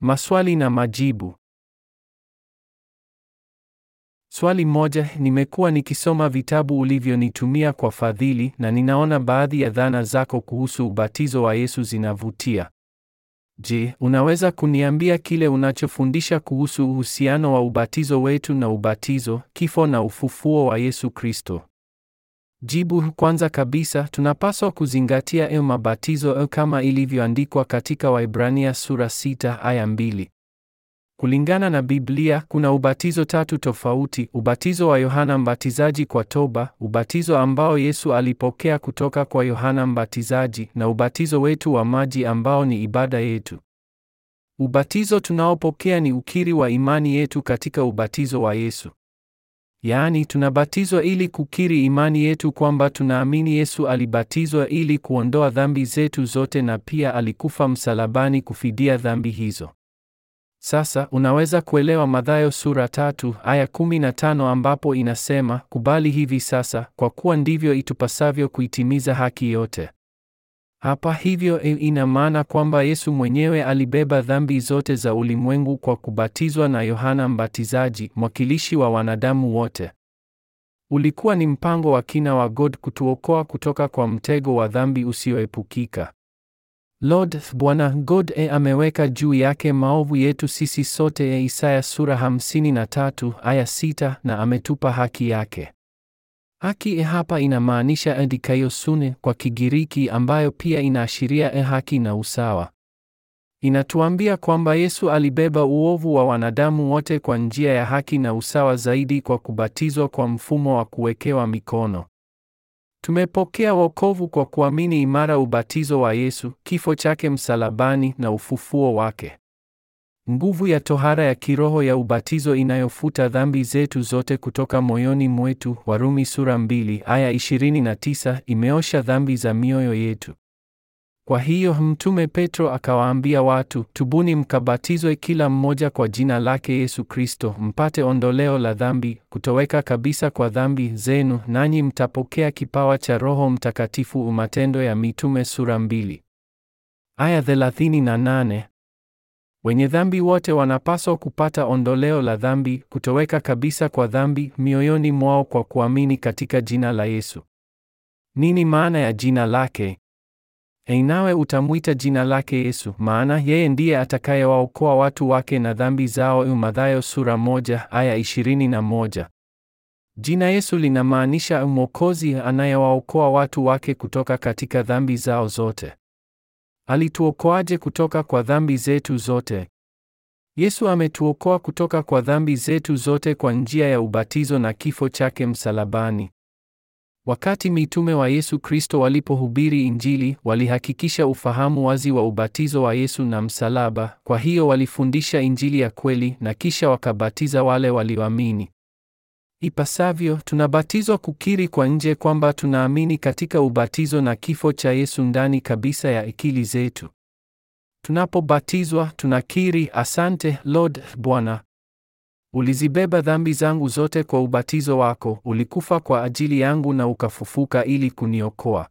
Maswali na majibu. Swali moja, nimekuwa nikisoma vitabu ulivyonitumia kwa fadhili na ninaona baadhi ya dhana zako kuhusu ubatizo wa Yesu zinavutia. Je, unaweza kuniambia kile unachofundisha kuhusu uhusiano wa ubatizo wetu na ubatizo, kifo na ufufuo wa Yesu Kristo? Jibu: kwanza kabisa tunapaswa kuzingatia e mabatizo e kama ilivyoandikwa katika Waibrania sura 6 aya 2. Kulingana na Biblia kuna ubatizo tatu tofauti: ubatizo wa Yohana Mbatizaji kwa toba, ubatizo ambao Yesu alipokea kutoka kwa Yohana Mbatizaji, na ubatizo wetu wa maji ambao ni ibada yetu. Ubatizo tunaopokea ni ukiri wa imani yetu katika ubatizo wa Yesu. Yaani tunabatizwa ili kukiri imani yetu kwamba tunaamini Yesu alibatizwa ili kuondoa dhambi zetu zote na pia alikufa msalabani kufidia dhambi hizo. Sasa unaweza kuelewa Mathayo sura tatu aya kumi na tano ambapo inasema, kubali hivi sasa, kwa kuwa ndivyo itupasavyo kuitimiza haki yote. Hapa hivyo ina maana kwamba Yesu mwenyewe alibeba dhambi zote za ulimwengu kwa kubatizwa na Yohana Mbatizaji, mwakilishi wa wanadamu wote. Ulikuwa ni mpango wa kina wa God kutuokoa kutoka kwa mtego wa dhambi usioepukika. Lord Bwana God e ameweka juu yake maovu yetu sisi sote e, Isaya sura 53 aya 6, na ametupa haki yake. Haki e hapa inamaanisha e dikaiosune kwa Kigiriki, ambayo pia inaashiria e haki na usawa. Inatuambia kwamba Yesu alibeba uovu wa wanadamu wote kwa njia ya haki na usawa zaidi kwa kubatizwa kwa mfumo wa kuwekewa mikono. Tumepokea wokovu kwa kuamini imara ubatizo wa Yesu, kifo chake msalabani na ufufuo wake. Nguvu ya tohara ya kiroho ya ubatizo inayofuta dhambi zetu zote kutoka moyoni mwetu, Warumi sura mbili aya 29, imeosha dhambi za mioyo yetu. Kwa hiyo Mtume Petro akawaambia watu, tubuni mkabatizwe kila mmoja kwa jina lake Yesu Kristo, mpate ondoleo la dhambi, kutoweka kabisa kwa dhambi zenu, nanyi mtapokea kipawa cha Roho Mtakatifu. Matendo ya Mitume sura mbili aya 38. Wenye dhambi wote wanapaswa kupata ondoleo la dhambi, kutoweka kabisa kwa dhambi mioyoni mwao kwa kuamini katika jina la Yesu. Nini maana ya jina lake? Einawe utamwita jina lake Yesu, maana yeye ndiye atakayewaokoa watu wake na dhambi zao. Mathayo sura moja aya ishirini na moja. Jina Yesu linamaanisha mwokozi anayewaokoa watu wake kutoka katika dhambi zao zote alituokoaje kutoka kwa dhambi zetu zote? Yesu ametuokoa kutoka kwa dhambi zetu zote kwa njia ya ubatizo na kifo chake msalabani. Wakati mitume wa Yesu Kristo walipohubiri Injili, walihakikisha ufahamu wazi wa ubatizo wa Yesu na msalaba. Kwa hiyo walifundisha Injili ya kweli na kisha wakabatiza wale walioamini ipasavyo, tunabatizwa kukiri kwa nje kwamba tunaamini katika ubatizo na kifo cha Yesu ndani kabisa ya akili zetu. Tunapobatizwa tunakiri, asante Lord Bwana, ulizibeba dhambi zangu zote kwa ubatizo wako, ulikufa kwa ajili yangu na ukafufuka ili kuniokoa.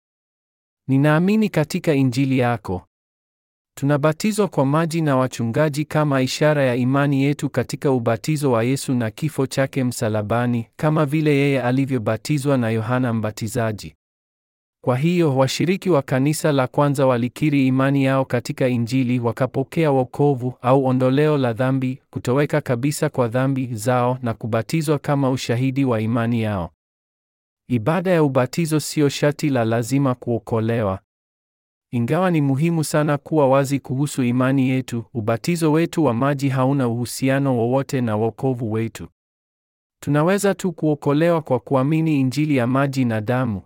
Ninaamini katika injili yako Tunabatizwa kwa maji na wachungaji kama ishara ya imani yetu katika ubatizo wa Yesu na kifo chake msalabani, kama vile yeye alivyobatizwa na Yohana Mbatizaji. Kwa hiyo washiriki wa kanisa la kwanza walikiri imani yao katika Injili, wakapokea wokovu au ondoleo la dhambi, kutoweka kabisa kwa dhambi zao na kubatizwa kama ushahidi wa imani yao. Ibada ya ubatizo sio shati la lazima kuokolewa, ingawa ni muhimu sana kuwa wazi kuhusu imani yetu, ubatizo wetu wa maji hauna uhusiano wowote na wokovu wetu. Tunaweza tu kuokolewa kwa kuamini Injili ya maji na damu.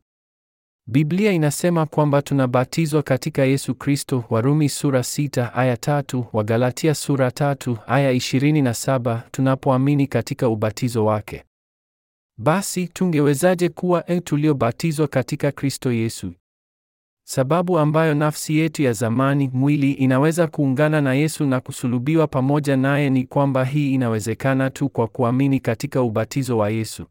Biblia inasema kwamba tunabatizwa katika Yesu Kristo, Warumi sura sita aya tatu, Wagalatia sura tatu aya ishirini na saba tunapoamini katika ubatizo wake. Basi tungewezaje kuwa e tuliobatizwa katika Kristo Yesu? sababu ambayo nafsi yetu ya zamani mwili inaweza kuungana na Yesu na kusulubiwa pamoja naye ni kwamba hii inawezekana tu kwa kuamini katika ubatizo wa Yesu.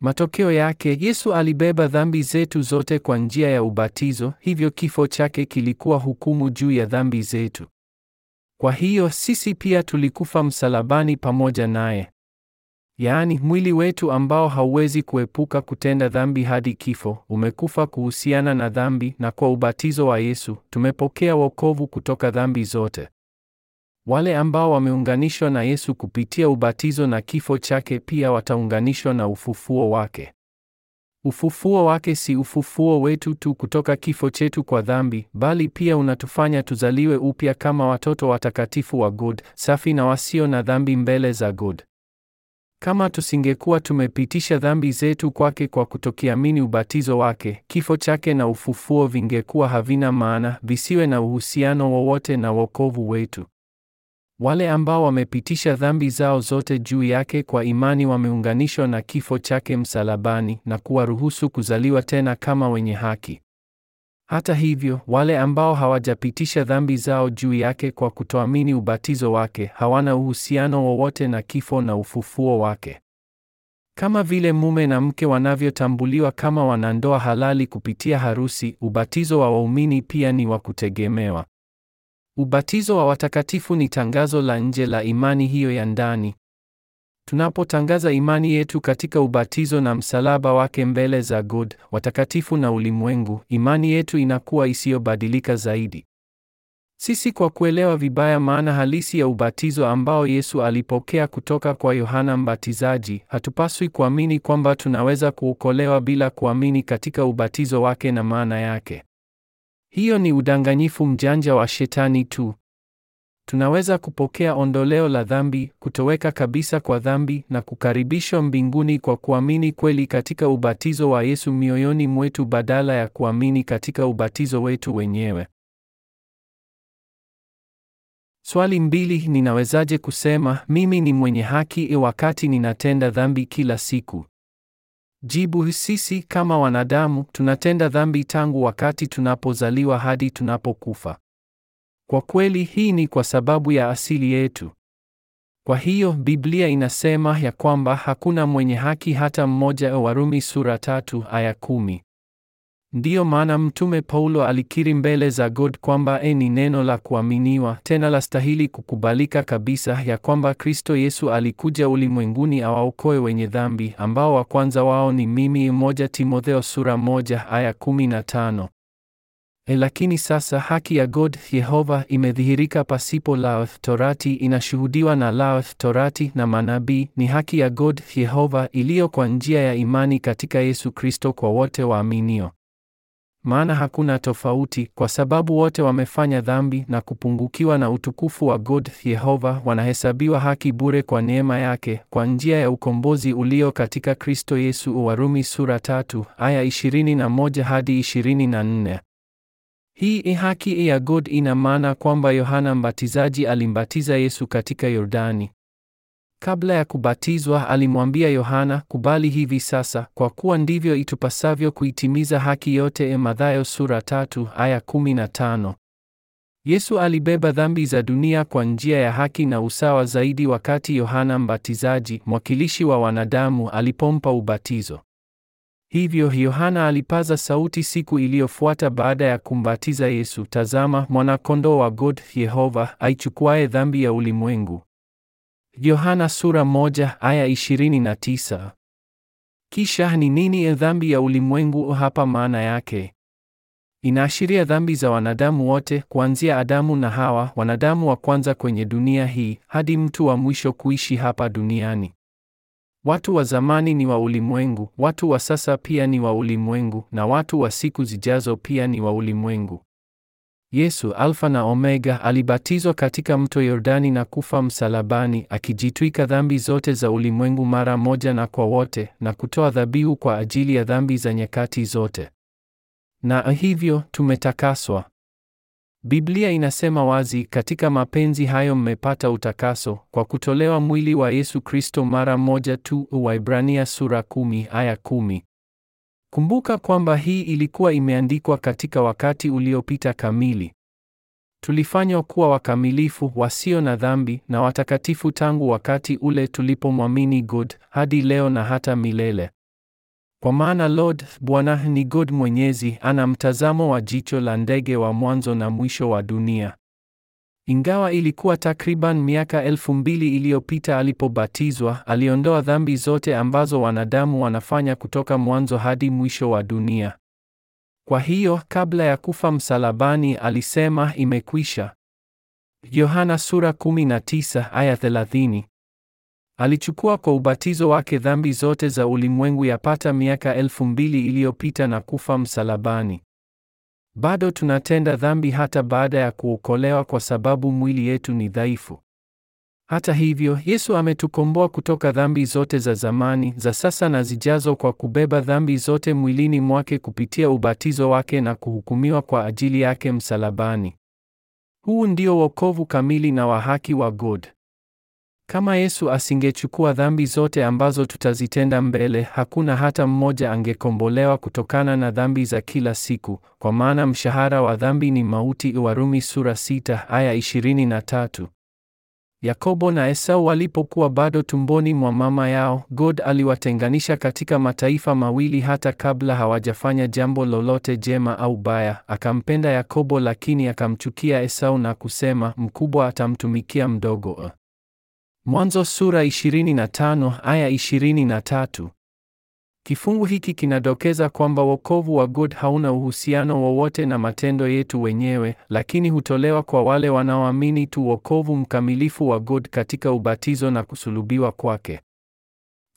Matokeo yake, Yesu alibeba dhambi zetu zote kwa njia ya ubatizo, hivyo kifo chake kilikuwa hukumu juu ya dhambi zetu. Kwa hiyo sisi pia tulikufa msalabani pamoja naye yaani mwili wetu ambao hauwezi kuepuka kutenda dhambi hadi kifo, umekufa kuhusiana na dhambi, na kwa ubatizo wa Yesu tumepokea wokovu kutoka dhambi zote. Wale ambao wameunganishwa na Yesu kupitia ubatizo na kifo chake pia wataunganishwa na ufufuo wake. Ufufuo wake si ufufuo wetu tu kutoka kifo chetu kwa dhambi, bali pia unatufanya tuzaliwe upya kama watoto watakatifu wa God, safi na wasio na dhambi mbele za God. Kama tusingekuwa tumepitisha dhambi zetu kwake kwa kutokiamini ubatizo wake, kifo chake na ufufuo vingekuwa havina maana, visiwe na uhusiano wowote na wokovu wetu. Wale ambao wamepitisha dhambi zao zote juu yake kwa imani wameunganishwa na kifo chake msalabani na kuwaruhusu kuzaliwa tena kama wenye haki. Hata hivyo, wale ambao hawajapitisha dhambi zao juu yake kwa kutoamini ubatizo wake hawana uhusiano wowote na kifo na ufufuo wake. Kama vile mume na mke wanavyotambuliwa kama wanandoa halali kupitia harusi, ubatizo wa waumini pia ni wa kutegemewa. Ubatizo wa watakatifu ni tangazo la nje la imani hiyo ya ndani. Tunapotangaza imani yetu katika ubatizo na msalaba wake mbele za God, watakatifu na ulimwengu, imani yetu inakuwa isiyobadilika zaidi. Sisi kwa kuelewa vibaya maana halisi ya ubatizo ambao Yesu alipokea kutoka kwa Yohana Mbatizaji, hatupaswi kuamini kwamba tunaweza kuokolewa bila kuamini katika ubatizo wake na maana yake. Hiyo ni udanganyifu mjanja wa Shetani tu tunaweza kupokea ondoleo la dhambi, kutoweka kabisa kwa dhambi na kukaribishwa mbinguni kwa kuamini kweli katika ubatizo wa Yesu mioyoni mwetu badala ya kuamini katika ubatizo wetu wenyewe. Swali mbili, ninawezaje kusema mimi ni mwenye haki e wakati ninatenda dhambi kila siku? Jibu, sisi kama wanadamu tunatenda dhambi tangu wakati tunapozaliwa hadi tunapokufa. Kwa kweli hii ni kwa sababu ya asili yetu. Kwa hiyo Biblia inasema ya kwamba hakuna mwenye haki hata mmoja, Warumi sura tatu aya kumi. Ndiyo maana Mtume Paulo alikiri mbele za God kwamba e ni neno la kuaminiwa tena la stahili kukubalika kabisa ya kwamba Kristo Yesu alikuja ulimwenguni awaokoe wenye dhambi ambao wa kwanza wao ni mimi. Moja Timotheo sura moja aya kumi na tano. E, lakini sasa haki ya God Yehova imedhihirika pasipo law, Torati inashuhudiwa na law, Torati na manabii ni haki ya God Yehova iliyo kwa njia ya imani katika Yesu Kristo kwa wote waaminio. Maana hakuna tofauti, kwa sababu wote wamefanya dhambi na kupungukiwa na utukufu wa God Yehova, wanahesabiwa haki bure kwa neema yake kwa njia ya ukombozi ulio katika Kristo Yesu. Warumi sura tatu aya 21 hadi 24. Hii haki ya God ina maana kwamba Yohana Mbatizaji alimbatiza Yesu katika Yordani. Kabla ya kubatizwa, alimwambia Yohana, kubali hivi sasa, kwa kuwa ndivyo itupasavyo kuitimiza haki yote. E, Mathayo sura tatu aya 15. Yesu alibeba dhambi za dunia kwa njia ya haki na usawa zaidi, wakati Yohana Mbatizaji, mwakilishi wa wanadamu, alipompa ubatizo. Hivyo Yohana alipaza sauti siku iliyofuata baada ya kumbatiza Yesu, tazama mwanakondoo wa God Yehova aichukuaye dhambi ya ulimwengu. Yohana sura moja aya tisa. Kisha ni nini e dhambi ya ulimwengu hapa maana yake? Inaashiria dhambi za wanadamu wote kuanzia Adamu na Hawa, wanadamu wa kwanza kwenye dunia hii, hadi mtu wa mwisho kuishi hapa duniani. Watu wa zamani ni wa ulimwengu, watu wa sasa pia ni wa ulimwengu, na watu wa siku zijazo pia ni wa ulimwengu. Yesu Alfa na Omega alibatizwa katika mto Yordani na kufa msalabani, akijitwika dhambi zote za ulimwengu mara moja na kwa wote, na kutoa dhabihu kwa ajili ya dhambi za nyakati zote. Na hivyo tumetakaswa. Biblia inasema wazi, katika mapenzi hayo mmepata utakaso kwa kutolewa mwili wa Yesu Kristo mara moja tu, Waibrania sura kumi aya kumi. Kumbuka kwamba hii ilikuwa imeandikwa katika wakati uliopita kamili. Tulifanywa kuwa wakamilifu, wasio na dhambi na watakatifu tangu wakati ule tulipomwamini God hadi leo na hata milele. Kwa maana Lord Bwana ni God Mwenyezi, ana mtazamo wa jicho la ndege wa mwanzo na mwisho wa dunia. Ingawa ilikuwa takriban miaka elfu mbili iliyopita alipobatizwa, aliondoa dhambi zote ambazo wanadamu wanafanya kutoka mwanzo hadi mwisho wa dunia. Kwa hiyo kabla ya kufa msalabani alisema imekwisha. Yohana sura 19 aya Alichukua kwa ubatizo wake dhambi zote za ulimwengu yapata miaka elfu mbili iliyopita na kufa msalabani. Bado tunatenda dhambi hata baada ya kuokolewa kwa sababu mwili yetu ni dhaifu. Hata hivyo, Yesu ametukomboa kutoka dhambi zote za zamani, za sasa na zijazo kwa kubeba dhambi zote mwilini mwake kupitia ubatizo wake na kuhukumiwa kwa ajili yake msalabani. Huu ndio wokovu kamili na wa haki wa God. Kama Yesu asingechukua dhambi zote ambazo tutazitenda mbele, hakuna hata mmoja angekombolewa kutokana na dhambi za kila siku, kwa maana mshahara wa dhambi ni mauti. Warumi sura 6 aya 23. Yakobo na Esau walipokuwa bado tumboni mwa mama yao, God aliwatenganisha katika mataifa mawili hata kabla hawajafanya jambo lolote jema au baya. Akampenda Yakobo lakini akamchukia Esau na kusema, mkubwa atamtumikia mdogo. Mwanzo sura 25 aya 23. Kifungu hiki kinadokeza kwamba wokovu wa God hauna uhusiano wowote na matendo yetu wenyewe, lakini hutolewa kwa wale wanaoamini tu wokovu mkamilifu wa God katika ubatizo na kusulubiwa kwake.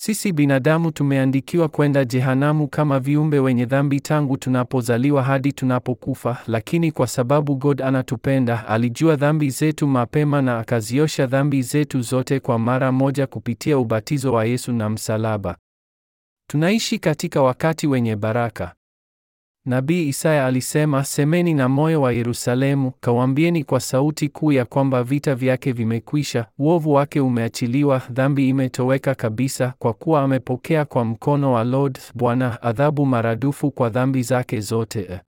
Sisi binadamu tumeandikiwa kwenda jehanamu kama viumbe wenye dhambi tangu tunapozaliwa hadi tunapokufa, lakini kwa sababu God anatupenda, alijua dhambi zetu mapema na akaziosha dhambi zetu zote kwa mara moja kupitia ubatizo wa Yesu na msalaba. Tunaishi katika wakati wenye baraka. Nabii Isaya alisema, semeni na moyo wa Yerusalemu, kawambieni kwa sauti kuu ya kwamba vita vyake vimekwisha, uovu wake umeachiliwa, dhambi imetoweka kabisa, kwa kuwa amepokea kwa mkono wa Lord Bwana adhabu maradufu kwa dhambi zake zote.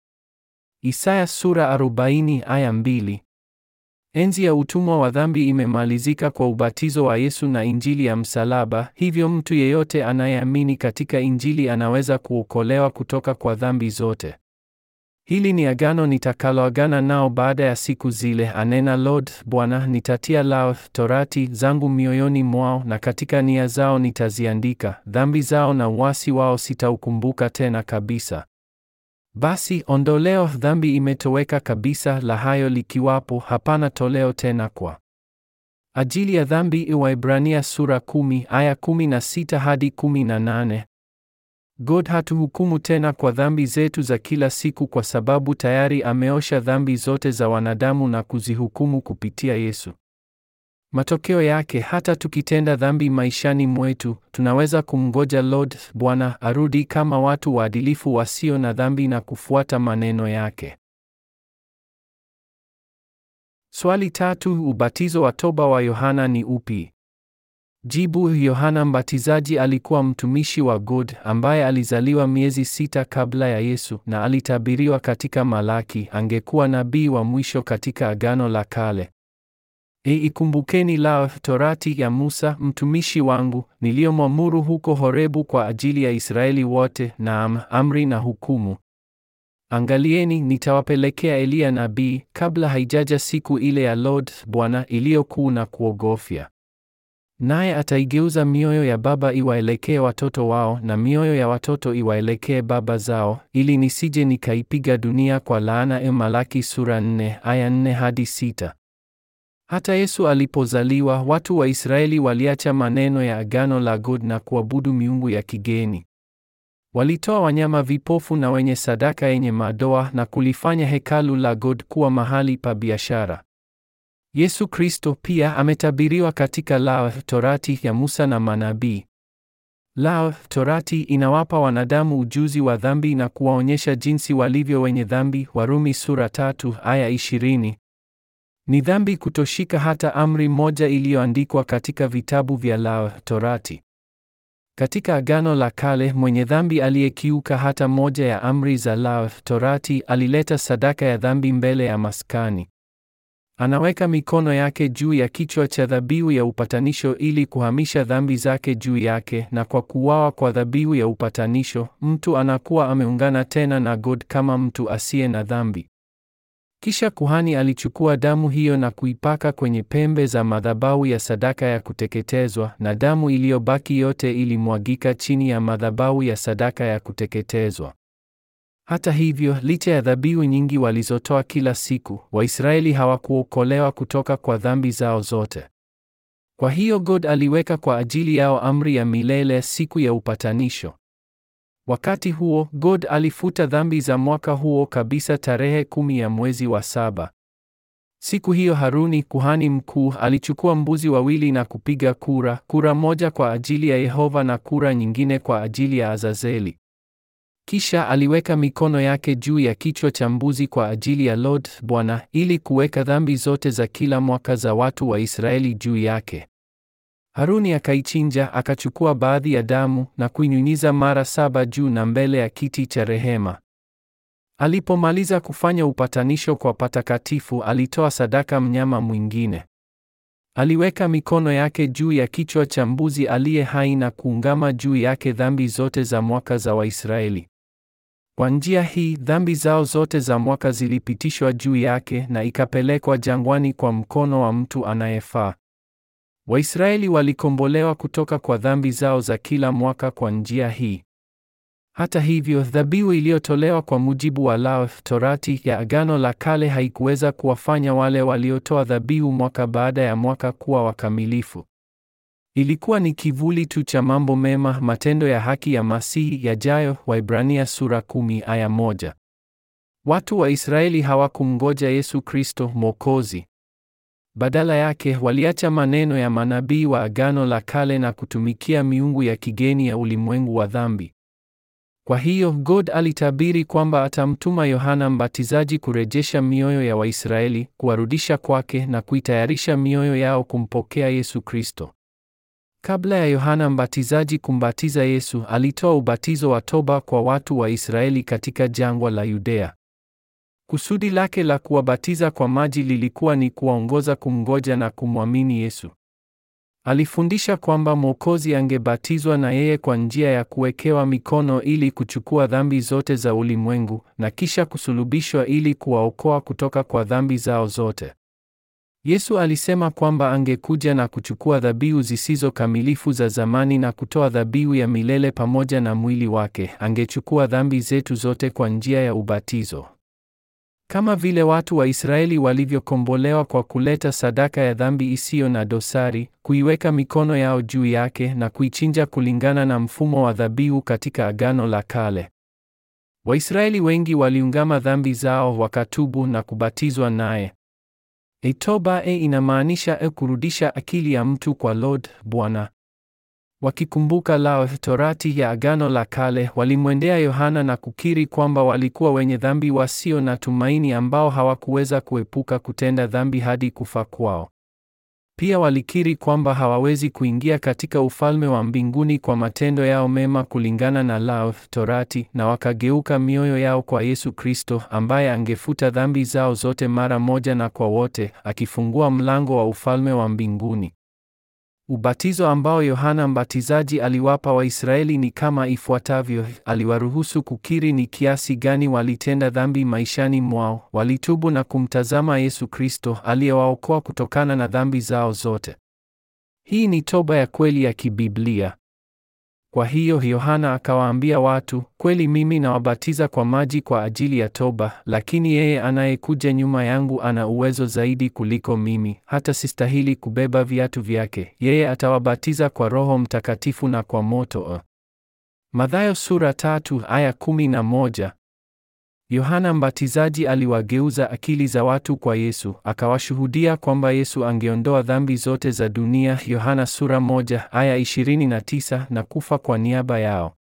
Isaya sura 40 aya Enzi ya utumwa wa dhambi imemalizika kwa ubatizo wa Yesu na Injili ya msalaba, hivyo mtu yeyote anayeamini katika Injili anaweza kuokolewa kutoka kwa dhambi zote. Hili ni agano nitakaloagana nao baada ya siku zile, anena Lord Bwana, nitatia lao torati zangu mioyoni mwao na katika nia zao nitaziandika, dhambi zao na uasi wao sitaukumbuka tena kabisa. Basi ondoleo dhambi imetoweka kabisa, la hayo likiwapo, hapana toleo tena kwa ajili ya dhambi. Waebrania sura kumi aya kumi na sita hadi kumi na nane. God hatuhukumu tena kwa dhambi zetu za kila siku, kwa sababu tayari ameosha dhambi zote za wanadamu na kuzihukumu kupitia Yesu. Matokeo yake hata tukitenda dhambi maishani mwetu, tunaweza kumngoja Lord Bwana arudi kama watu waadilifu wasio na dhambi na kufuata maneno yake. Swali tatu: ubatizo wa toba wa Yohana ni upi? Jibu: Yohana Mbatizaji alikuwa mtumishi wa God ambaye alizaliwa miezi sita kabla ya Yesu na alitabiriwa katika Malaki angekuwa nabii wa mwisho katika Agano la Kale. Eikumbukeni la Torati ya Musa mtumishi wangu niliyomwamuru huko Horebu kwa ajili ya Israeli wote, naam, amri na hukumu. Angalieni, nitawapelekea Eliya nabii kabla haijaja siku ile ya Lord Bwana iliyokuu na kuogofya. Naye ataigeuza mioyo ya baba iwaelekee watoto wao na mioyo ya watoto iwaelekee baba zao, ili nisije nikaipiga dunia kwa laana. E, Malaki sura 4 aya 4 hadi 6. Hata Yesu alipozaliwa, watu wa Israeli waliacha maneno ya agano la God na kuabudu miungu ya kigeni. Walitoa wanyama vipofu na wenye sadaka yenye madoa na kulifanya hekalu la God kuwa mahali pa biashara. Yesu Kristo pia ametabiriwa katika lao Torati ya Musa na manabii. Lao Torati inawapa wanadamu ujuzi wa dhambi na kuwaonyesha jinsi walivyo wenye dhambi, Warumi sura tatu aya ishirini. Ni dhambi kutoshika hata amri moja iliyoandikwa katika vitabu vya Law, Torati. Katika Agano la Kale, mwenye dhambi aliyekiuka hata moja ya amri za Law, Torati alileta sadaka ya dhambi mbele ya maskani. Anaweka mikono yake juu ya kichwa cha dhabihu ya upatanisho ili kuhamisha dhambi zake juu yake, na kwa kuwawa kwa dhabihu ya upatanisho, mtu anakuwa ameungana tena na God kama mtu asiye na dhambi. Kisha kuhani alichukua damu hiyo na kuipaka kwenye pembe za madhabahu ya sadaka ya kuteketezwa, na damu iliyobaki yote ilimwagika chini ya madhabahu ya sadaka ya kuteketezwa. Hata hivyo, licha ya dhabihu nyingi walizotoa kila siku, Waisraeli hawakuokolewa kutoka kwa dhambi zao zote. Kwa hiyo God aliweka kwa ajili yao amri ya milele, siku ya upatanisho. Wakati huo, God alifuta dhambi za mwaka huo kabisa tarehe kumi ya mwezi wa saba. Siku hiyo Haruni kuhani mkuu alichukua mbuzi wawili na kupiga kura, kura moja kwa ajili ya Yehova na kura nyingine kwa ajili ya Azazeli. Kisha aliweka mikono yake juu ya kichwa cha mbuzi kwa ajili ya Lord Bwana ili kuweka dhambi zote za kila mwaka za watu wa Israeli juu yake. Haruni akaichinja, akachukua baadhi ya damu na kuinyunyiza mara saba juu na mbele ya kiti cha rehema. Alipomaliza kufanya upatanisho kwa patakatifu, alitoa sadaka mnyama mwingine. Aliweka mikono yake juu ya kichwa cha mbuzi aliye hai na kuungama juu yake dhambi zote za mwaka za Waisraeli. Kwa njia hii dhambi zao zote za mwaka zilipitishwa juu yake na ikapelekwa jangwani kwa mkono wa mtu anayefaa. Waisraeli walikombolewa kutoka kwa dhambi zao za kila mwaka kwa njia hii. Hata hivyo, dhabihu iliyotolewa kwa mujibu wa Law, Torati ya Agano la Kale haikuweza kuwafanya wale waliotoa dhabihu mwaka baada ya mwaka kuwa wakamilifu. Ilikuwa ni kivuli tu cha mambo mema, matendo ya haki ya Masihi yajayo, Waibrania sura kumi aya moja. Watu wa Israeli hawakumngoja Yesu Kristo Mwokozi. Badala yake waliacha maneno ya manabii wa Agano la Kale na kutumikia miungu ya kigeni ya ulimwengu wa dhambi. Kwa hiyo God alitabiri kwamba atamtuma Yohana Mbatizaji kurejesha mioyo ya Waisraeli, kuwarudisha kwake na kuitayarisha mioyo yao kumpokea Yesu Kristo. Kabla ya Yohana Mbatizaji kumbatiza Yesu, alitoa ubatizo wa toba kwa watu wa Israeli katika jangwa la Yudea. Kusudi lake la kuwabatiza kwa maji lilikuwa ni kuwaongoza kumngoja na kumwamini Yesu. Alifundisha kwamba Mwokozi angebatizwa na yeye kwa njia ya kuwekewa mikono ili kuchukua dhambi zote za ulimwengu na kisha kusulubishwa ili kuwaokoa kutoka kwa dhambi zao zote. Yesu alisema kwamba angekuja na kuchukua dhabihu zisizo kamilifu za zamani na kutoa dhabihu ya milele pamoja na mwili wake, angechukua dhambi zetu zote kwa njia ya ubatizo. Kama vile watu wa Israeli walivyokombolewa kwa kuleta sadaka ya dhambi isiyo na dosari, kuiweka mikono yao juu yake na kuichinja kulingana na mfumo wa dhabihu katika Agano la Kale. Waisraeli wengi waliungama dhambi zao wakatubu na kubatizwa naye. Etoba e inamaanisha e kurudisha akili ya mtu kwa Lord Bwana wakikumbuka la Torati ya Agano la Kale, walimwendea Yohana na kukiri kwamba walikuwa wenye dhambi wasio na tumaini ambao hawakuweza kuepuka kutenda dhambi hadi kufa kwao. Pia walikiri kwamba hawawezi kuingia katika ufalme wa mbinguni kwa matendo yao mema kulingana na la Torati, na wakageuka mioyo yao kwa Yesu Kristo ambaye angefuta dhambi zao zote mara moja na kwa wote, akifungua mlango wa ufalme wa mbinguni. Ubatizo ambao Yohana Mbatizaji aliwapa Waisraeli ni kama ifuatavyo: aliwaruhusu kukiri ni kiasi gani walitenda dhambi maishani mwao, walitubu na kumtazama Yesu Kristo aliyewaokoa kutokana na dhambi zao zote. Hii ni toba ya kweli ya kibiblia. Kwa hiyo Yohana akawaambia watu, kweli mimi nawabatiza kwa maji kwa ajili ya toba, lakini yeye anayekuja nyuma yangu ana uwezo zaidi kuliko mimi, hata sistahili kubeba viatu vyake. Yeye atawabatiza kwa Roho Mtakatifu na kwa moto. Mathayo sura tatu aya kumi na moja. Yohana Mbatizaji aliwageuza akili za watu kwa Yesu, akawashuhudia kwamba Yesu angeondoa dhambi zote za dunia, Yohana sura moja aya 29, na kufa kwa niaba yao.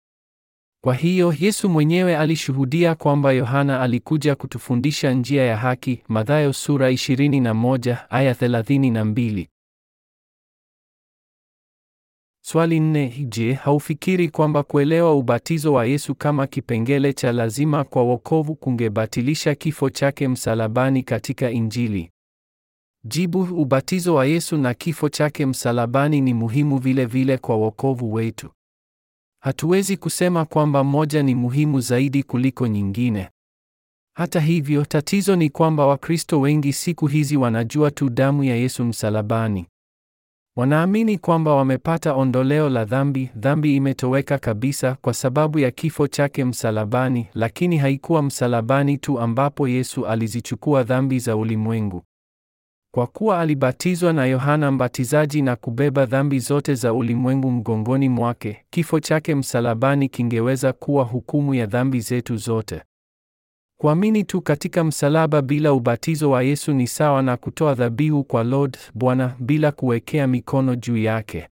Kwa hiyo Yesu mwenyewe alishuhudia kwamba Yohana alikuja kutufundisha njia ya haki, Mathayo sura 21 aya 32. Swali nne. Je, haufikiri kwamba kuelewa ubatizo wa Yesu kama kipengele cha lazima kwa wokovu kungebatilisha kifo chake msalabani katika Injili? Jibu: ubatizo wa Yesu na kifo chake msalabani ni muhimu vile vile kwa wokovu wetu. Hatuwezi kusema kwamba moja ni muhimu zaidi kuliko nyingine. Hata hivyo, tatizo ni kwamba Wakristo wengi siku hizi wanajua tu damu ya Yesu msalabani. Wanaamini kwamba wamepata ondoleo la dhambi, dhambi imetoweka kabisa kwa sababu ya kifo chake msalabani, lakini haikuwa msalabani tu ambapo Yesu alizichukua dhambi za ulimwengu. Kwa kuwa alibatizwa na Yohana Mbatizaji na kubeba dhambi zote za ulimwengu mgongoni mwake, kifo chake msalabani kingeweza kuwa hukumu ya dhambi zetu zote. Kuamini tu katika msalaba bila ubatizo wa Yesu ni sawa na kutoa dhabihu kwa Lord Bwana bila kuwekea mikono juu yake.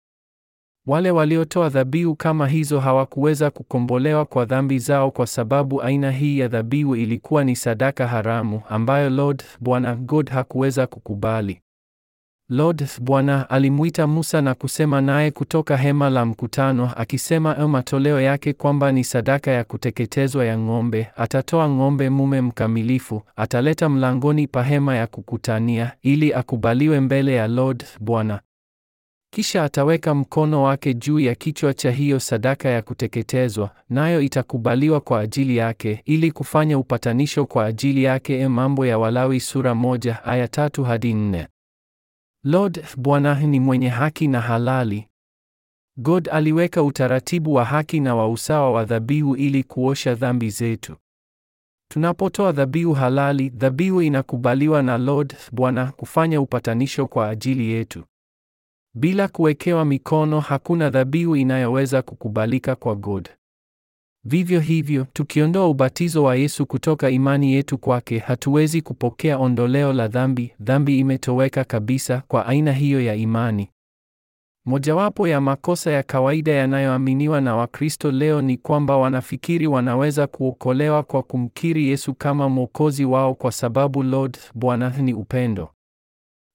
Wale waliotoa dhabihu kama hizo hawakuweza kukombolewa kwa dhambi zao kwa sababu aina hii ya dhabihu ilikuwa ni sadaka haramu ambayo Lord Bwana God hakuweza kukubali. Lord Bwana alimwita Musa na kusema naye kutoka hema la mkutano akisema e, matoleo yake kwamba ni sadaka ya kuteketezwa ya ng'ombe, atatoa ng'ombe mume mkamilifu, ataleta mlangoni pa hema ya kukutania ili akubaliwe mbele ya Lord Bwana. Kisha ataweka mkono wake juu ya kichwa cha hiyo sadaka ya kuteketezwa, nayo itakubaliwa kwa ajili yake ili kufanya upatanisho kwa ajili yake. E, Mambo ya Walawi sura moja aya tatu hadi nne. Lord Bwana ni mwenye haki na halali. God aliweka utaratibu wa haki na wa usawa wa dhabihu ili kuosha dhambi zetu. Tunapotoa dhabihu halali, dhabihu inakubaliwa na Lord Bwana kufanya upatanisho kwa ajili yetu. Bila kuwekewa mikono, hakuna dhabihu inayoweza kukubalika kwa God. Vivyo hivyo, tukiondoa ubatizo wa Yesu kutoka imani yetu kwake, hatuwezi kupokea ondoleo la dhambi. Dhambi imetoweka kabisa kwa aina hiyo ya imani. Mojawapo ya makosa ya kawaida yanayoaminiwa na Wakristo leo ni kwamba wanafikiri wanaweza kuokolewa kwa kumkiri Yesu kama Mwokozi wao kwa sababu Lord, Bwana ni upendo.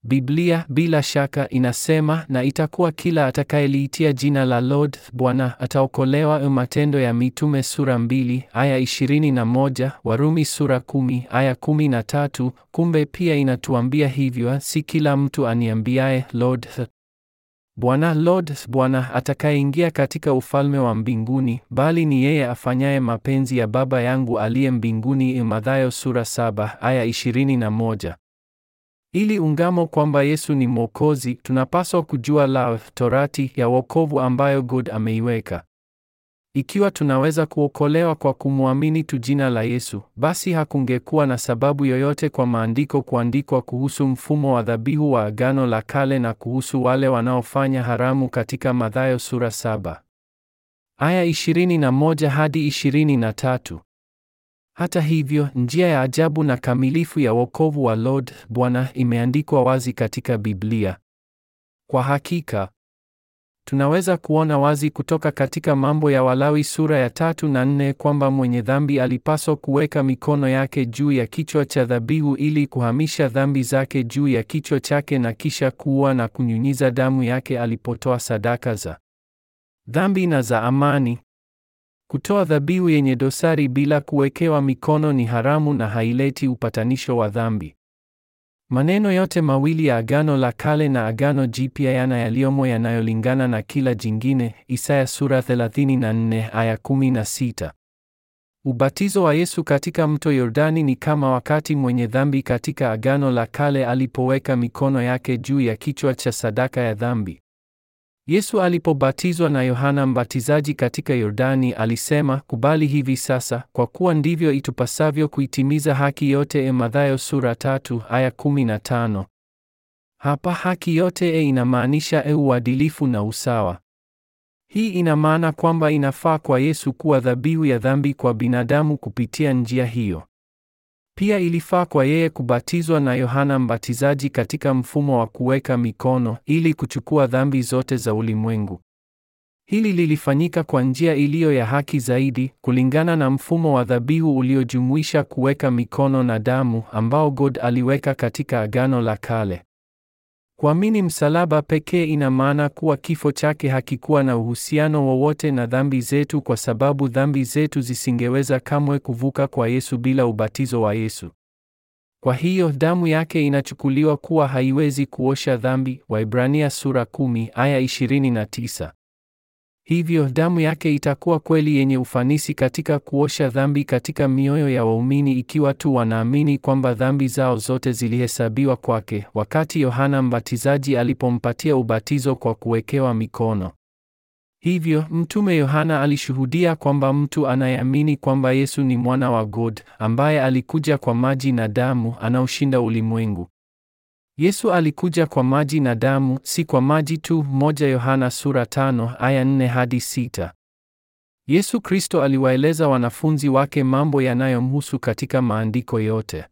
Biblia bila shaka inasema na itakuwa kila atakayeliitia jina la Lord Bwana ataokolewa. E Matendo ya Mitume sura mbili aya 21, Warumi sura kumi aya 13. Kumbe pia inatuambia hivyo, si kila mtu aniambiaye Lord Bwana, Lord Bwana atakayeingia katika ufalme wa mbinguni, bali ni yeye afanyaye mapenzi ya Baba yangu aliye mbinguni. E Mathayo sura saba aya 21. Ili ungamo kwamba Yesu ni Mwokozi, tunapaswa kujua la torati ya wokovu ambayo God ameiweka. Ikiwa tunaweza kuokolewa kwa kumwamini tu jina la Yesu, basi hakungekuwa na sababu yoyote kwa maandiko kuandikwa kuhusu mfumo wa dhabihu wa Agano la Kale na kuhusu wale wanaofanya haramu katika Mathayo sura saba aya 21 hadi hata hivyo, njia ya ajabu na kamilifu ya wokovu wa Lord Bwana imeandikwa wazi katika Biblia. Kwa hakika, tunaweza kuona wazi kutoka katika Mambo ya Walawi sura ya tatu na nne kwamba mwenye dhambi alipaswa kuweka mikono yake juu ya kichwa cha dhabihu ili kuhamisha dhambi zake juu ya kichwa chake na kisha kuua na kunyunyiza damu yake alipotoa sadaka za dhambi na za amani. Kutoa dhabihu yenye dosari bila kuwekewa mikono ni haramu na haileti upatanisho wa dhambi. Maneno yote mawili ya Agano la Kale na Agano Jipya yana yaliyomo yanayolingana na kila jingine, Isaya sura 34 aya 16. Ubatizo wa Yesu katika mto Yordani ni kama wakati mwenye dhambi katika Agano la Kale alipoweka mikono yake juu ya kichwa cha sadaka ya dhambi. Yesu alipobatizwa na Yohana Mbatizaji katika Yordani alisema, kubali hivi sasa, kwa kuwa ndivyo itupasavyo kuitimiza haki yote. E, Mathayo sura tatu aya 15. Hapa haki yote e inamaanisha e uadilifu na usawa. Hii ina maana kwamba inafaa kwa Yesu kuwa dhabihu ya dhambi kwa binadamu kupitia njia hiyo. Pia ilifaa kwa yeye kubatizwa na Yohana Mbatizaji katika mfumo wa kuweka mikono ili kuchukua dhambi zote za ulimwengu. Hili lilifanyika kwa njia iliyo ya haki zaidi kulingana na mfumo wa dhabihu uliojumuisha kuweka mikono na damu ambao God aliweka katika Agano la Kale. Kuamini msalaba pekee ina maana kuwa kifo chake hakikuwa na uhusiano wowote na dhambi zetu kwa sababu dhambi zetu zisingeweza kamwe kuvuka kwa Yesu bila ubatizo wa Yesu. Kwa hiyo damu yake inachukuliwa kuwa haiwezi kuosha dhambi, Waibrania sura kumi aya 29. Hivyo damu yake itakuwa kweli yenye ufanisi katika kuosha dhambi katika mioyo ya waumini ikiwa tu wanaamini kwamba dhambi zao zote zilihesabiwa kwake wakati Yohana Mbatizaji alipompatia ubatizo kwa kuwekewa mikono. Hivyo Mtume Yohana alishuhudia kwamba mtu anayeamini kwamba Yesu ni mwana wa God ambaye alikuja kwa maji na damu anaushinda ulimwengu. Yesu alikuja kwa maji na damu, si kwa maji tu. Moja Yohana sura tano aya nne hadi sita. Yesu Kristo aliwaeleza wanafunzi wake mambo yanayomhusu katika maandiko yote.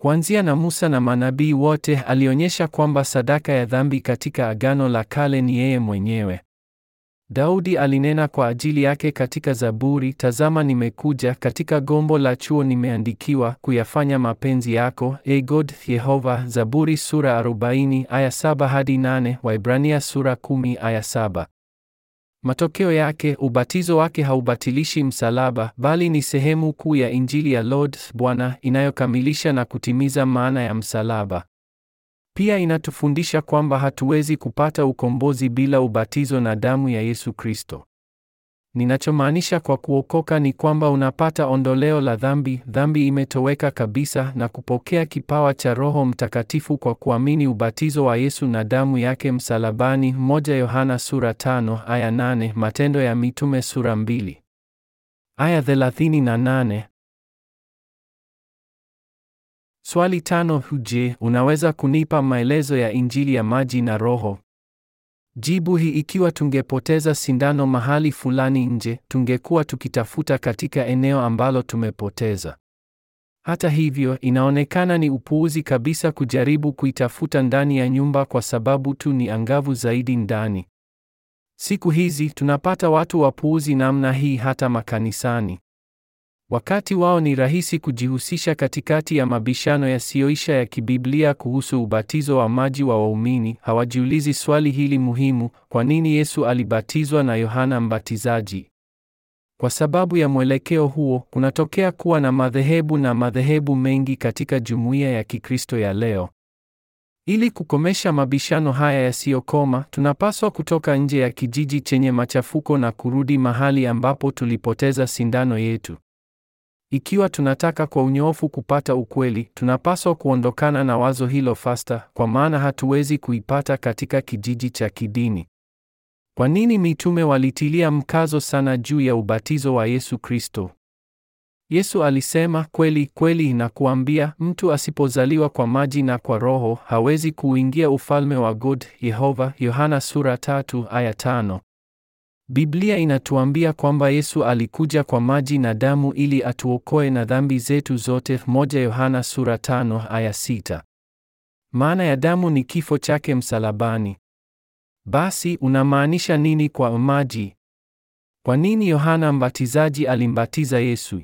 Kuanzia na Musa na manabii wote, alionyesha kwamba sadaka ya dhambi katika Agano la Kale ni yeye mwenyewe. Daudi alinena kwa ajili yake katika Zaburi, tazama nimekuja, katika gombo la chuo nimeandikiwa, kuyafanya mapenzi yako, e God Yehova. Zaburi sura 40 aya 7 hadi 8, Waibrania sura 10 aya 7. Matokeo yake, ubatizo wake haubatilishi msalaba, bali ni sehemu kuu ya injili ya Lord Bwana inayokamilisha na kutimiza maana ya msalaba. Pia inatufundisha kwamba hatuwezi kupata ukombozi bila ubatizo na damu ya Yesu Kristo. Ninachomaanisha kwa kuokoka ni kwamba unapata ondoleo la dhambi, dhambi imetoweka kabisa na kupokea kipawa cha Roho Mtakatifu kwa kuamini ubatizo wa Yesu na damu yake msalabani, moja Yohana sura tano aya nane, Matendo ya Mitume sura mbili aya thelathini na nane. Swali tano: Je, unaweza kunipa maelezo ya injili ya maji na Roho? Jibu hii: ikiwa tungepoteza sindano mahali fulani nje, tungekuwa tukitafuta katika eneo ambalo tumepoteza. Hata hivyo, inaonekana ni upuuzi kabisa kujaribu kuitafuta ndani ya nyumba kwa sababu tu ni angavu zaidi ndani. Siku hizi tunapata watu wapuuzi namna hii hata makanisani. Wakati wao ni rahisi kujihusisha katikati ya mabishano yasiyoisha ya kibiblia kuhusu ubatizo wa maji wa waumini, hawajiulizi swali hili muhimu, kwa nini Yesu alibatizwa na Yohana Mbatizaji? Kwa sababu ya mwelekeo huo, kunatokea kuwa na madhehebu na madhehebu mengi katika jumuiya ya Kikristo ya leo. Ili kukomesha mabishano haya yasiyokoma, tunapaswa kutoka nje ya kijiji chenye machafuko na kurudi mahali ambapo tulipoteza sindano yetu. Ikiwa tunataka kwa unyoofu kupata ukweli, tunapaswa kuondokana na wazo hilo fasta, kwa maana hatuwezi kuipata katika kijiji cha kidini. Kwa nini mitume walitilia mkazo sana juu ya ubatizo wa Yesu Kristo? Yesu alisema, kweli kweli nakuambia, mtu asipozaliwa kwa maji na kwa Roho hawezi kuingia ufalme wa God Yehova, Yohana sura tatu aya tano. Biblia inatuambia kwamba Yesu alikuja kwa maji na damu ili atuokoe na dhambi zetu zote, moja Yohana sura tano aya sita. Maana ya damu ni kifo chake msalabani. Basi unamaanisha nini kwa maji? Kwa nini Yohana Mbatizaji alimbatiza Yesu?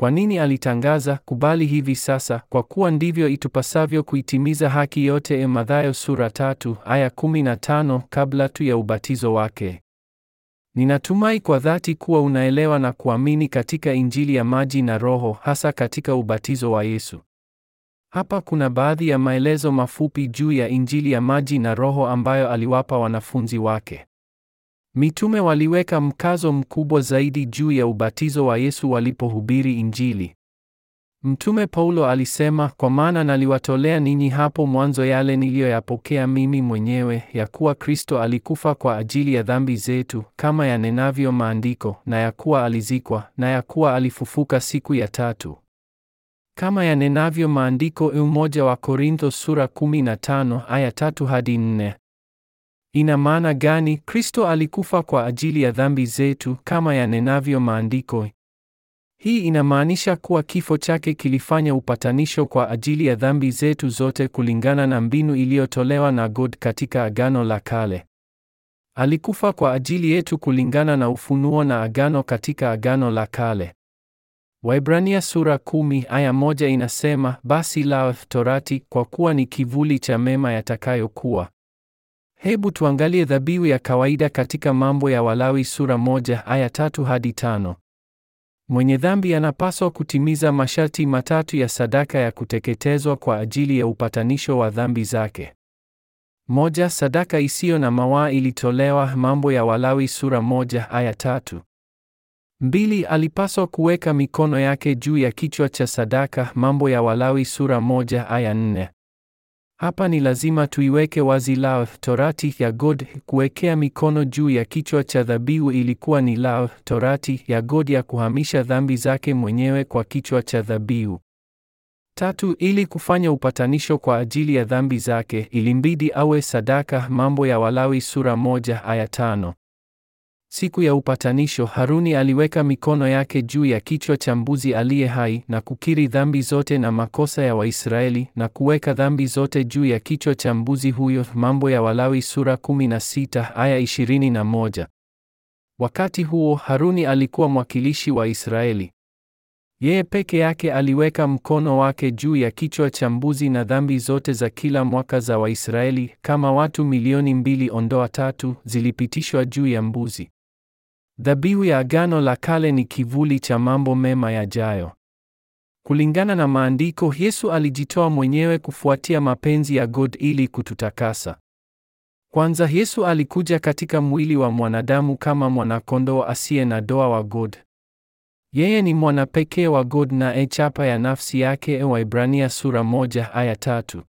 Kwa nini alitangaza kubali hivi sasa, kwa kuwa ndivyo itupasavyo kuitimiza haki yote, Mathayo sura tatu aya 15, kabla tu ya ubatizo wake. Ninatumai kwa dhati kuwa unaelewa na kuamini katika Injili ya maji na Roho, hasa katika ubatizo wa Yesu. Hapa kuna baadhi ya maelezo mafupi juu ya Injili ya maji na Roho ambayo aliwapa wanafunzi wake. Mitume waliweka mkazo mkubwa zaidi juu ya ubatizo wa Yesu walipohubiri Injili. Mtume Paulo alisema, kwa maana naliwatolea ninyi hapo mwanzo yale niliyoyapokea mimi mwenyewe, ya kuwa Kristo alikufa kwa ajili ya dhambi zetu, kama yanenavyo maandiko, na ya kuwa alizikwa, na ya kuwa alifufuka siku ya tatu, kama yanenavyo maandiko. Umoja wa Korintho sura 15 aya tatu hadi nne. Ina maana gani Kristo alikufa kwa ajili ya dhambi zetu, kama yanenavyo maandiko? Hii inamaanisha kuwa kifo chake kilifanya upatanisho kwa ajili ya dhambi zetu zote kulingana na mbinu iliyotolewa na God katika Agano la Kale. Alikufa kwa ajili yetu kulingana na ufunuo na agano katika Agano la Kale. Waibrania sura kumi aya moja inasema, basi la Torati kwa kuwa ni kivuli cha mema yatakayokuwa. Hebu tuangalie dhabihu ya kawaida katika Mambo ya Walawi sura moja aya tatu hadi tano. Mwenye dhambi anapaswa kutimiza masharti matatu ya sadaka ya kuteketezwa kwa ajili ya upatanisho wa dhambi zake. Moja, sadaka isiyo na mawaa ilitolewa, Mambo ya Walawi sura moja aya tatu. Mbili, alipaswa kuweka mikono yake juu ya kichwa cha sadaka, Mambo ya Walawi sura moja aya nne. Hapa ni lazima tuiweke wazi law, torati ya God. Kuwekea mikono juu ya kichwa cha dhabihu ilikuwa ni law, torati ya God ya kuhamisha dhambi zake mwenyewe kwa kichwa cha dhabihu. Tatu, ili kufanya upatanisho kwa ajili ya dhambi zake, ilimbidi awe sadaka, Mambo ya Walawi sura moja aya tano. Siku ya upatanisho, Haruni aliweka mikono yake juu ya kichwa cha mbuzi aliye hai na kukiri dhambi zote na makosa ya Waisraeli na kuweka dhambi zote juu ya kichwa cha mbuzi huyo. Mambo ya Walawi sura 16 aya 21. Wakati huo Haruni alikuwa mwakilishi wa Israeli. Yeye peke yake aliweka mkono wake juu ya kichwa cha mbuzi na dhambi zote za kila mwaka za Waisraeli, kama watu milioni mbili ondoa tatu zilipitishwa juu ya mbuzi. Dhabihu ya Agano la Kale ni kivuli cha mambo mema yajayo. Kulingana na maandiko, Yesu alijitoa mwenyewe kufuatia mapenzi ya God ili kututakasa. Kwanza, Yesu alikuja katika mwili wa mwanadamu kama mwanakondoo asiye na doa wa God. Yeye ni mwana pekee wa God na e chapa ya nafsi yake, e Waebrania sura moja aya tatu.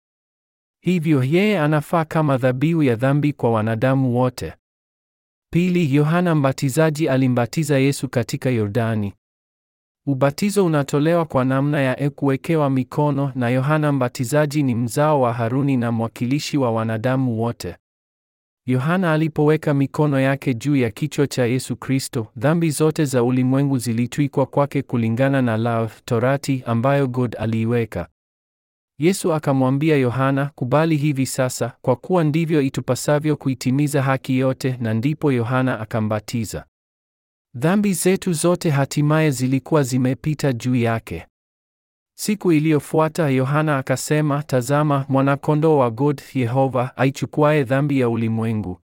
Hivyo yeye anafaa kama dhabihu ya dhambi kwa wanadamu wote. Pili, Yohana Mbatizaji alimbatiza Yesu katika Yordani. Ubatizo unatolewa kwa namna ya kuwekewa mikono na Yohana Mbatizaji ni mzao wa Haruni na mwakilishi wa wanadamu wote. Yohana alipoweka mikono yake juu ya kichwa cha Yesu Kristo, dhambi zote za ulimwengu zilitwikwa kwake kulingana na law, Torati ambayo God aliiweka. Yesu akamwambia Yohana, kubali hivi sasa, kwa kuwa ndivyo itupasavyo kuitimiza haki yote. Na ndipo Yohana akambatiza. Dhambi zetu zote hatimaye zilikuwa zimepita juu yake. Siku iliyofuata Yohana akasema, tazama mwana-kondoo wa God Yehova aichukuaye dhambi ya ulimwengu.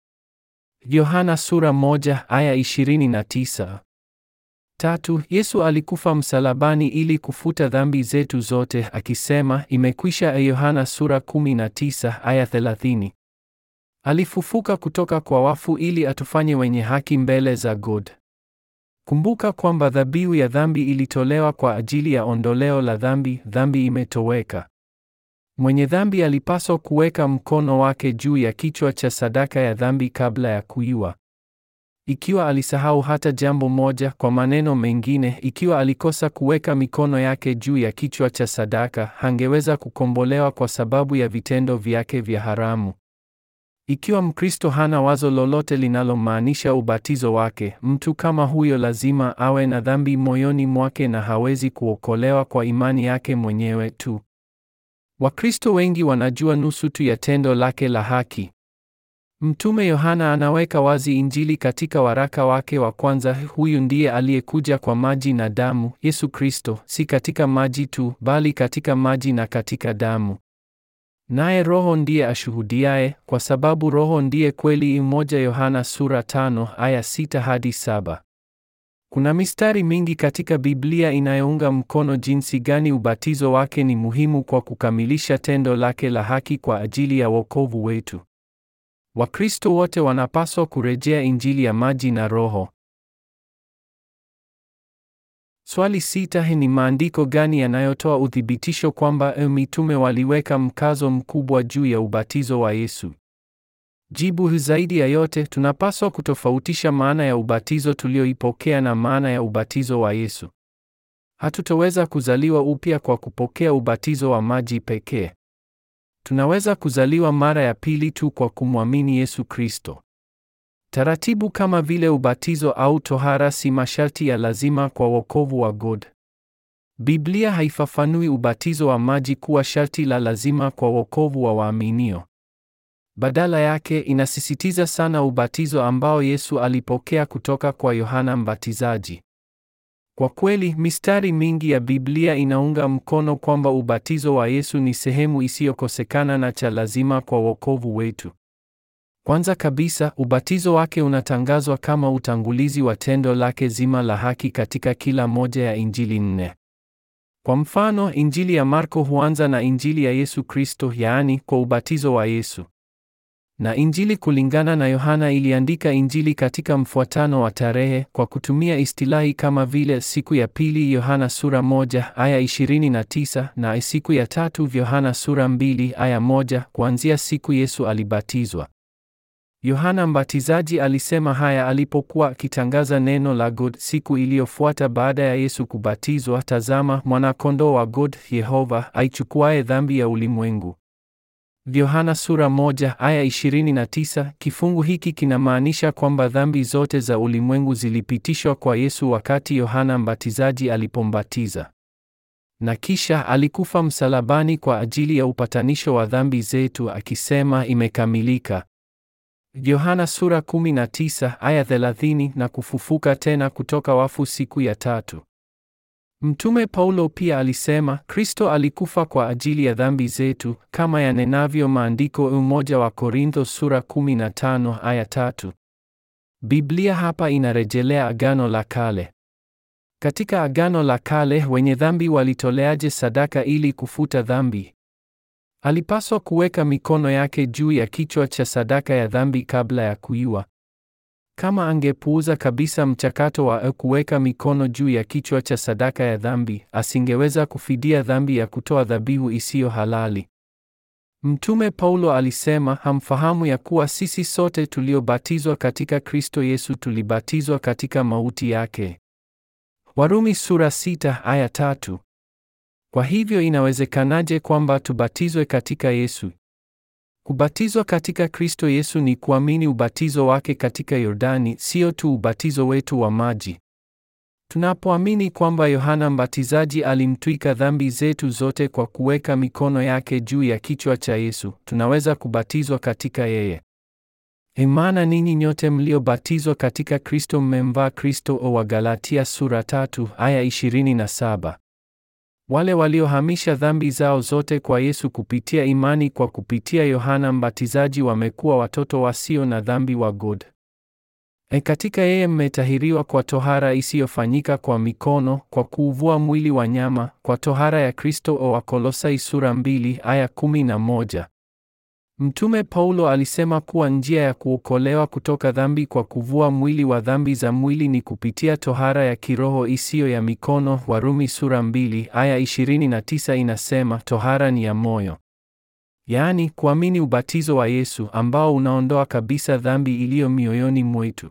Yohana sura moja aya 29. Tatu, Yesu alikufa msalabani ili kufuta dhambi zetu zote akisema imekwisha, Yohana sura 19 aya 30. Alifufuka kutoka kwa wafu ili atufanye wenye haki mbele za God. Kumbuka kwamba dhabihu ya dhambi ilitolewa kwa ajili ya ondoleo la dhambi, dhambi imetoweka. Mwenye dhambi alipaswa kuweka mkono wake juu ya kichwa cha sadaka ya dhambi kabla ya kuiwa. Ikiwa alisahau hata jambo moja, kwa maneno mengine, ikiwa alikosa kuweka mikono yake juu ya kichwa cha sadaka, hangeweza kukombolewa kwa sababu ya vitendo vyake vya haramu. Ikiwa Mkristo hana wazo lolote linalomaanisha ubatizo wake, mtu kama huyo lazima awe na dhambi moyoni mwake na hawezi kuokolewa kwa imani yake mwenyewe tu. Wakristo wengi wanajua nusu tu ya tendo lake la haki. Mtume Yohana anaweka wazi Injili katika waraka wake wa kwanza. Huyu ndiye aliyekuja kwa maji na damu, Yesu Kristo, si katika maji tu, bali katika maji na katika damu. Naye Roho ndiye ashuhudiaye, kwa sababu Roho ndiye kweli. Moja Yohana sura tano aya sita hadi saba. Kuna mistari mingi katika Biblia inayounga mkono jinsi gani ubatizo wake ni muhimu kwa kukamilisha tendo lake la haki kwa ajili ya wokovu wetu. Wakristo wote wanapaswa kurejea Injili ya maji na Roho. Swali sita ni maandiko gani yanayotoa uthibitisho kwamba e, mitume waliweka mkazo mkubwa juu ya ubatizo wa Yesu? Jibu zaidi ya yote tunapaswa kutofautisha maana ya ubatizo tulioipokea na maana ya ubatizo wa Yesu. Hatutoweza kuzaliwa upya kwa kupokea ubatizo wa maji pekee. Tunaweza kuzaliwa mara ya pili tu kwa kumwamini Yesu Kristo. Taratibu kama vile ubatizo au tohara si masharti ya lazima kwa wokovu wa God. Biblia haifafanui ubatizo wa maji kuwa sharti la lazima kwa wokovu wa waaminio. Badala yake inasisitiza sana ubatizo ambao Yesu alipokea kutoka kwa Yohana Mbatizaji. Kwa kweli, mistari mingi ya Biblia inaunga mkono kwamba ubatizo wa Yesu ni sehemu isiyokosekana na cha lazima kwa wokovu wetu. Kwanza kabisa, ubatizo wake unatangazwa kama utangulizi wa tendo lake zima la haki katika kila moja ya Injili nne. Kwa mfano, Injili ya Marko huanza na Injili ya Yesu Kristo, yaani kwa ubatizo wa Yesu. Na Injili kulingana na Yohana iliandika Injili katika mfuatano wa tarehe kwa kutumia istilahi kama vile siku ya pili Yohana sura moja aya 29 na siku ya tatu Yohana sura mbili aya moja kuanzia siku Yesu alibatizwa. Yohana Mbatizaji alisema haya alipokuwa akitangaza neno la God siku iliyofuata baada ya Yesu kubatizwa, tazama mwana wa God Yehova aichukuaye dhambi ya ulimwengu. Yohana sura moja aya ishirini na tisa Kifungu hiki kinamaanisha kwamba dhambi zote za ulimwengu zilipitishwa kwa Yesu wakati Yohana Mbatizaji alipombatiza, na kisha alikufa msalabani kwa ajili ya upatanisho wa dhambi zetu, akisema imekamilika. Yohana sura 19 aya 30, na kufufuka tena kutoka wafu siku ya tatu. Mtume Paulo pia alisema Kristo alikufa kwa ajili ya dhambi zetu kama yanenavyo maandiko umoja wa Korintho sura 15 aya tatu. Biblia hapa inarejelea Agano la Kale. Katika Agano la Kale wenye dhambi walitoleaje sadaka ili kufuta dhambi? Alipaswa kuweka mikono yake juu ya kichwa cha sadaka ya dhambi kabla ya kuiwa. Kama angepuuza kabisa mchakato wa kuweka mikono juu ya kichwa cha sadaka ya dhambi, asingeweza kufidia dhambi ya kutoa dhabihu isiyo halali. Mtume Paulo alisema, hamfahamu ya kuwa sisi sote tuliobatizwa katika Kristo Yesu tulibatizwa katika mauti yake. Warumi sura sita aya tatu. Kwa hivyo inawezekanaje kwamba tubatizwe katika Yesu? Kubatizwa katika Kristo Yesu ni kuamini ubatizo wake katika Yordani, sio tu ubatizo wetu wa maji. Tunapoamini kwamba Yohana Mbatizaji alimtwika dhambi zetu zote kwa kuweka mikono yake juu ya kichwa cha Yesu, tunaweza kubatizwa katika yeye. Imana e ninyi nyote mliobatizwa katika Kristo mmemvaa Kristo. O galatia sura tatu aya 27 wale waliohamisha dhambi zao zote kwa Yesu kupitia imani kwa kupitia Yohana Mbatizaji wamekuwa watoto wasio na dhambi wa God. E, katika yeye mmetahiriwa kwa tohara isiyofanyika kwa mikono, kwa kuuvua mwili wa nyama, kwa tohara ya Kristo. O, Wakolosai sura mbili aya kumi na moja. Mtume Paulo alisema kuwa njia ya kuokolewa kutoka dhambi kwa kuvua mwili wa dhambi za mwili ni kupitia tohara ya kiroho isiyo ya mikono. Warumi sura 2 aya 29 inasema tohara ni ya moyo, yaani kuamini ubatizo wa Yesu ambao unaondoa kabisa dhambi iliyo mioyoni mwetu.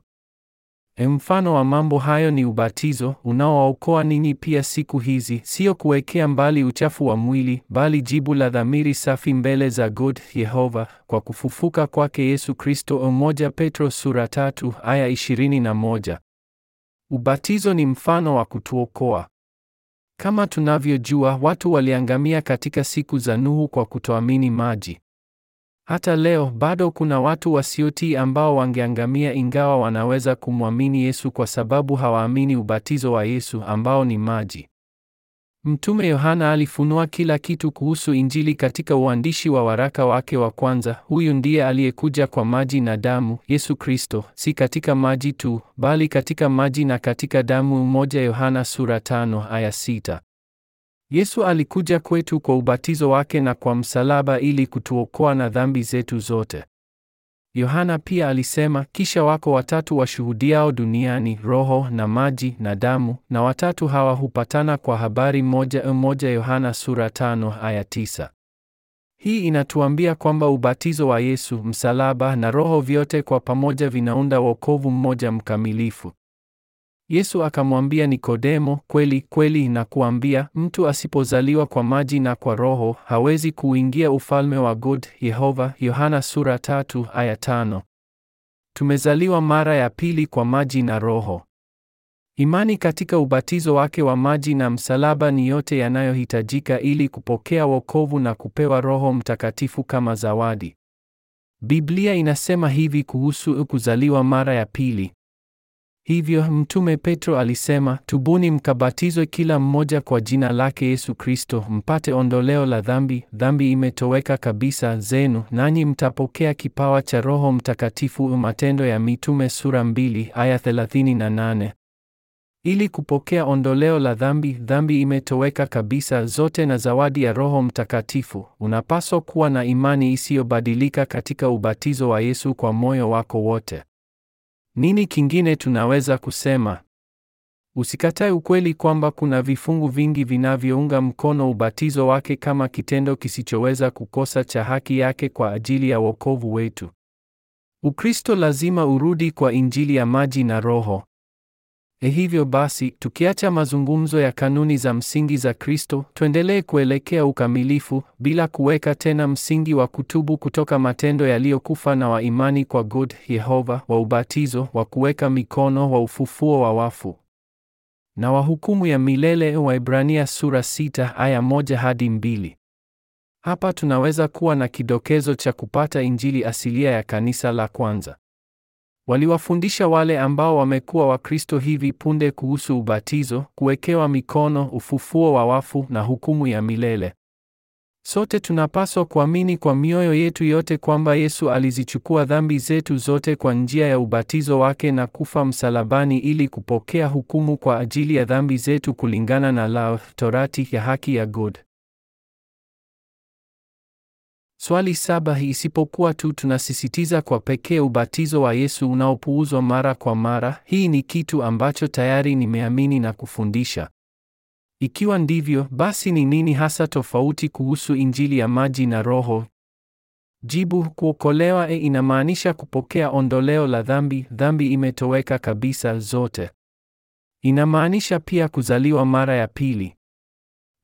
E, mfano wa mambo hayo ni ubatizo unaowaokoa ninyi pia siku hizi, sio kuwekea mbali uchafu wa mwili, bali jibu la dhamiri safi mbele za God Yehova kwa kufufuka kwake Yesu Kristo. 1 Petro sura tatu aya moja. Ubatizo ni mfano wa kutuokoa. Kama tunavyojua, watu waliangamia katika siku za Nuhu kwa kutoamini maji. Hata leo bado kuna watu wasiotii ambao wangeangamia ingawa wanaweza kumwamini Yesu kwa sababu hawaamini ubatizo wa Yesu ambao ni maji. Mtume Yohana alifunua kila kitu kuhusu Injili katika uandishi wa waraka wake wa kwanza. Huyu ndiye aliyekuja kwa maji na damu, Yesu Kristo, si katika maji tu, bali katika maji na katika damu. Moja Yohana sura tano aya sita. Yesu alikuja kwetu kwa ubatizo wake na kwa msalaba ili kutuokoa na dhambi zetu zote. Yohana pia alisema, kisha wako watatu washuhudiao duniani, roho na maji na damu, na watatu hawa hupatana kwa habari moja. Moja Yohana sura tano aya tisa. Hii inatuambia kwamba ubatizo wa Yesu, msalaba na roho vyote kwa pamoja vinaunda wokovu mmoja mkamilifu. Yesu akamwambia Nikodemo, kweli kweli nakuambia, mtu asipozaliwa kwa maji na kwa Roho hawezi kuingia ufalme wa God Yehova. Yohana sura tatu aya tano. Tumezaliwa mara ya pili kwa maji na Roho. Imani katika ubatizo wake wa maji na msalaba ni yote yanayohitajika ili kupokea wokovu na kupewa Roho Mtakatifu kama zawadi. Biblia inasema hivi kuhusu kuzaliwa mara ya pili. Hivyo Mtume Petro alisema, tubuni mkabatizwe kila mmoja kwa jina lake Yesu Kristo, mpate ondoleo la dhambi, dhambi imetoweka kabisa zenu, nanyi mtapokea kipawa cha Roho Mtakatifu. Matendo ya Mitume sura 2 aya 38. Ili kupokea ondoleo la dhambi, dhambi imetoweka kabisa zote na zawadi ya Roho Mtakatifu, unapaswa kuwa na imani isiyobadilika katika ubatizo wa Yesu kwa moyo wako wote. Nini kingine tunaweza kusema? Usikatae ukweli kwamba kuna vifungu vingi vinavyounga mkono ubatizo wake kama kitendo kisichoweza kukosa cha haki yake kwa ajili ya wokovu wetu. Ukristo lazima urudi kwa Injili ya maji na Roho. E, hivyo basi, tukiacha mazungumzo ya kanuni za msingi za Kristo, tuendelee kuelekea ukamilifu bila kuweka tena msingi wa kutubu kutoka matendo yaliyokufa na wa imani kwa God Yehova, wa ubatizo, wa kuweka mikono, wa ufufuo wa wafu na wa hukumu ya milele, Waebrania sura sita aya moja hadi mbili. Hapa tunaweza kuwa na kidokezo cha kupata injili asilia ya kanisa la kwanza. Waliwafundisha wale ambao wamekuwa Wakristo hivi punde kuhusu ubatizo, kuwekewa mikono, ufufuo wa wafu na hukumu ya milele. Sote tunapaswa kuamini kwa mioyo yetu yote kwamba Yesu alizichukua dhambi zetu zote kwa njia ya ubatizo wake na kufa msalabani ili kupokea hukumu kwa ajili ya dhambi zetu kulingana na law, torati ya haki ya God. Swali saba hii isipokuwa tu tunasisitiza kwa pekee ubatizo wa Yesu unaopuuzwa mara kwa mara. Hii ni kitu ambacho tayari nimeamini na kufundisha. Ikiwa ndivyo, basi ni nini hasa tofauti kuhusu Injili ya maji na Roho? Jibu: kuokolewa e, inamaanisha kupokea ondoleo la dhambi, dhambi imetoweka kabisa zote. Inamaanisha pia kuzaliwa mara ya pili.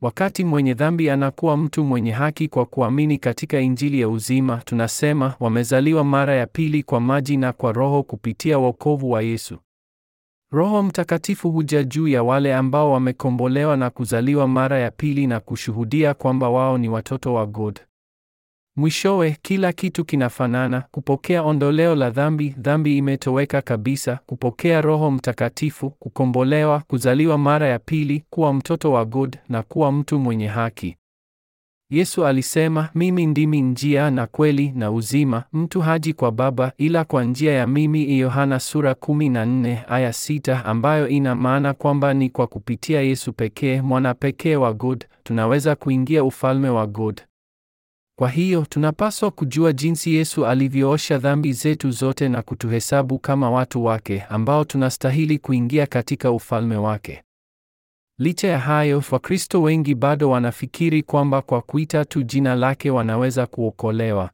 Wakati mwenye dhambi anakuwa mtu mwenye haki kwa kuamini katika Injili ya uzima, tunasema wamezaliwa mara ya pili kwa maji na kwa Roho kupitia wokovu wa Yesu. Roho Mtakatifu huja juu ya wale ambao wamekombolewa na kuzaliwa mara ya pili na kushuhudia kwamba wao ni watoto wa God. Mwishowe, kila kitu kinafanana: kupokea ondoleo la dhambi, dhambi imetoweka kabisa, kupokea Roho Mtakatifu, kukombolewa, kuzaliwa mara ya pili, kuwa mtoto wa God na kuwa mtu mwenye haki. Yesu alisema, mimi ndimi njia na kweli na uzima, mtu haji kwa Baba ila kwa njia ya mimi, Yohana sura 14 aya 6, ambayo ina maana kwamba ni kwa kupitia Yesu pekee, mwana pekee wa God, tunaweza kuingia ufalme wa God. Kwa hiyo tunapaswa kujua jinsi Yesu alivyoosha dhambi zetu zote na kutuhesabu kama watu wake ambao tunastahili kuingia katika ufalme wake. Licha ya hayo, Wakristo wengi bado wanafikiri kwamba kwa kuita tu jina lake wanaweza kuokolewa.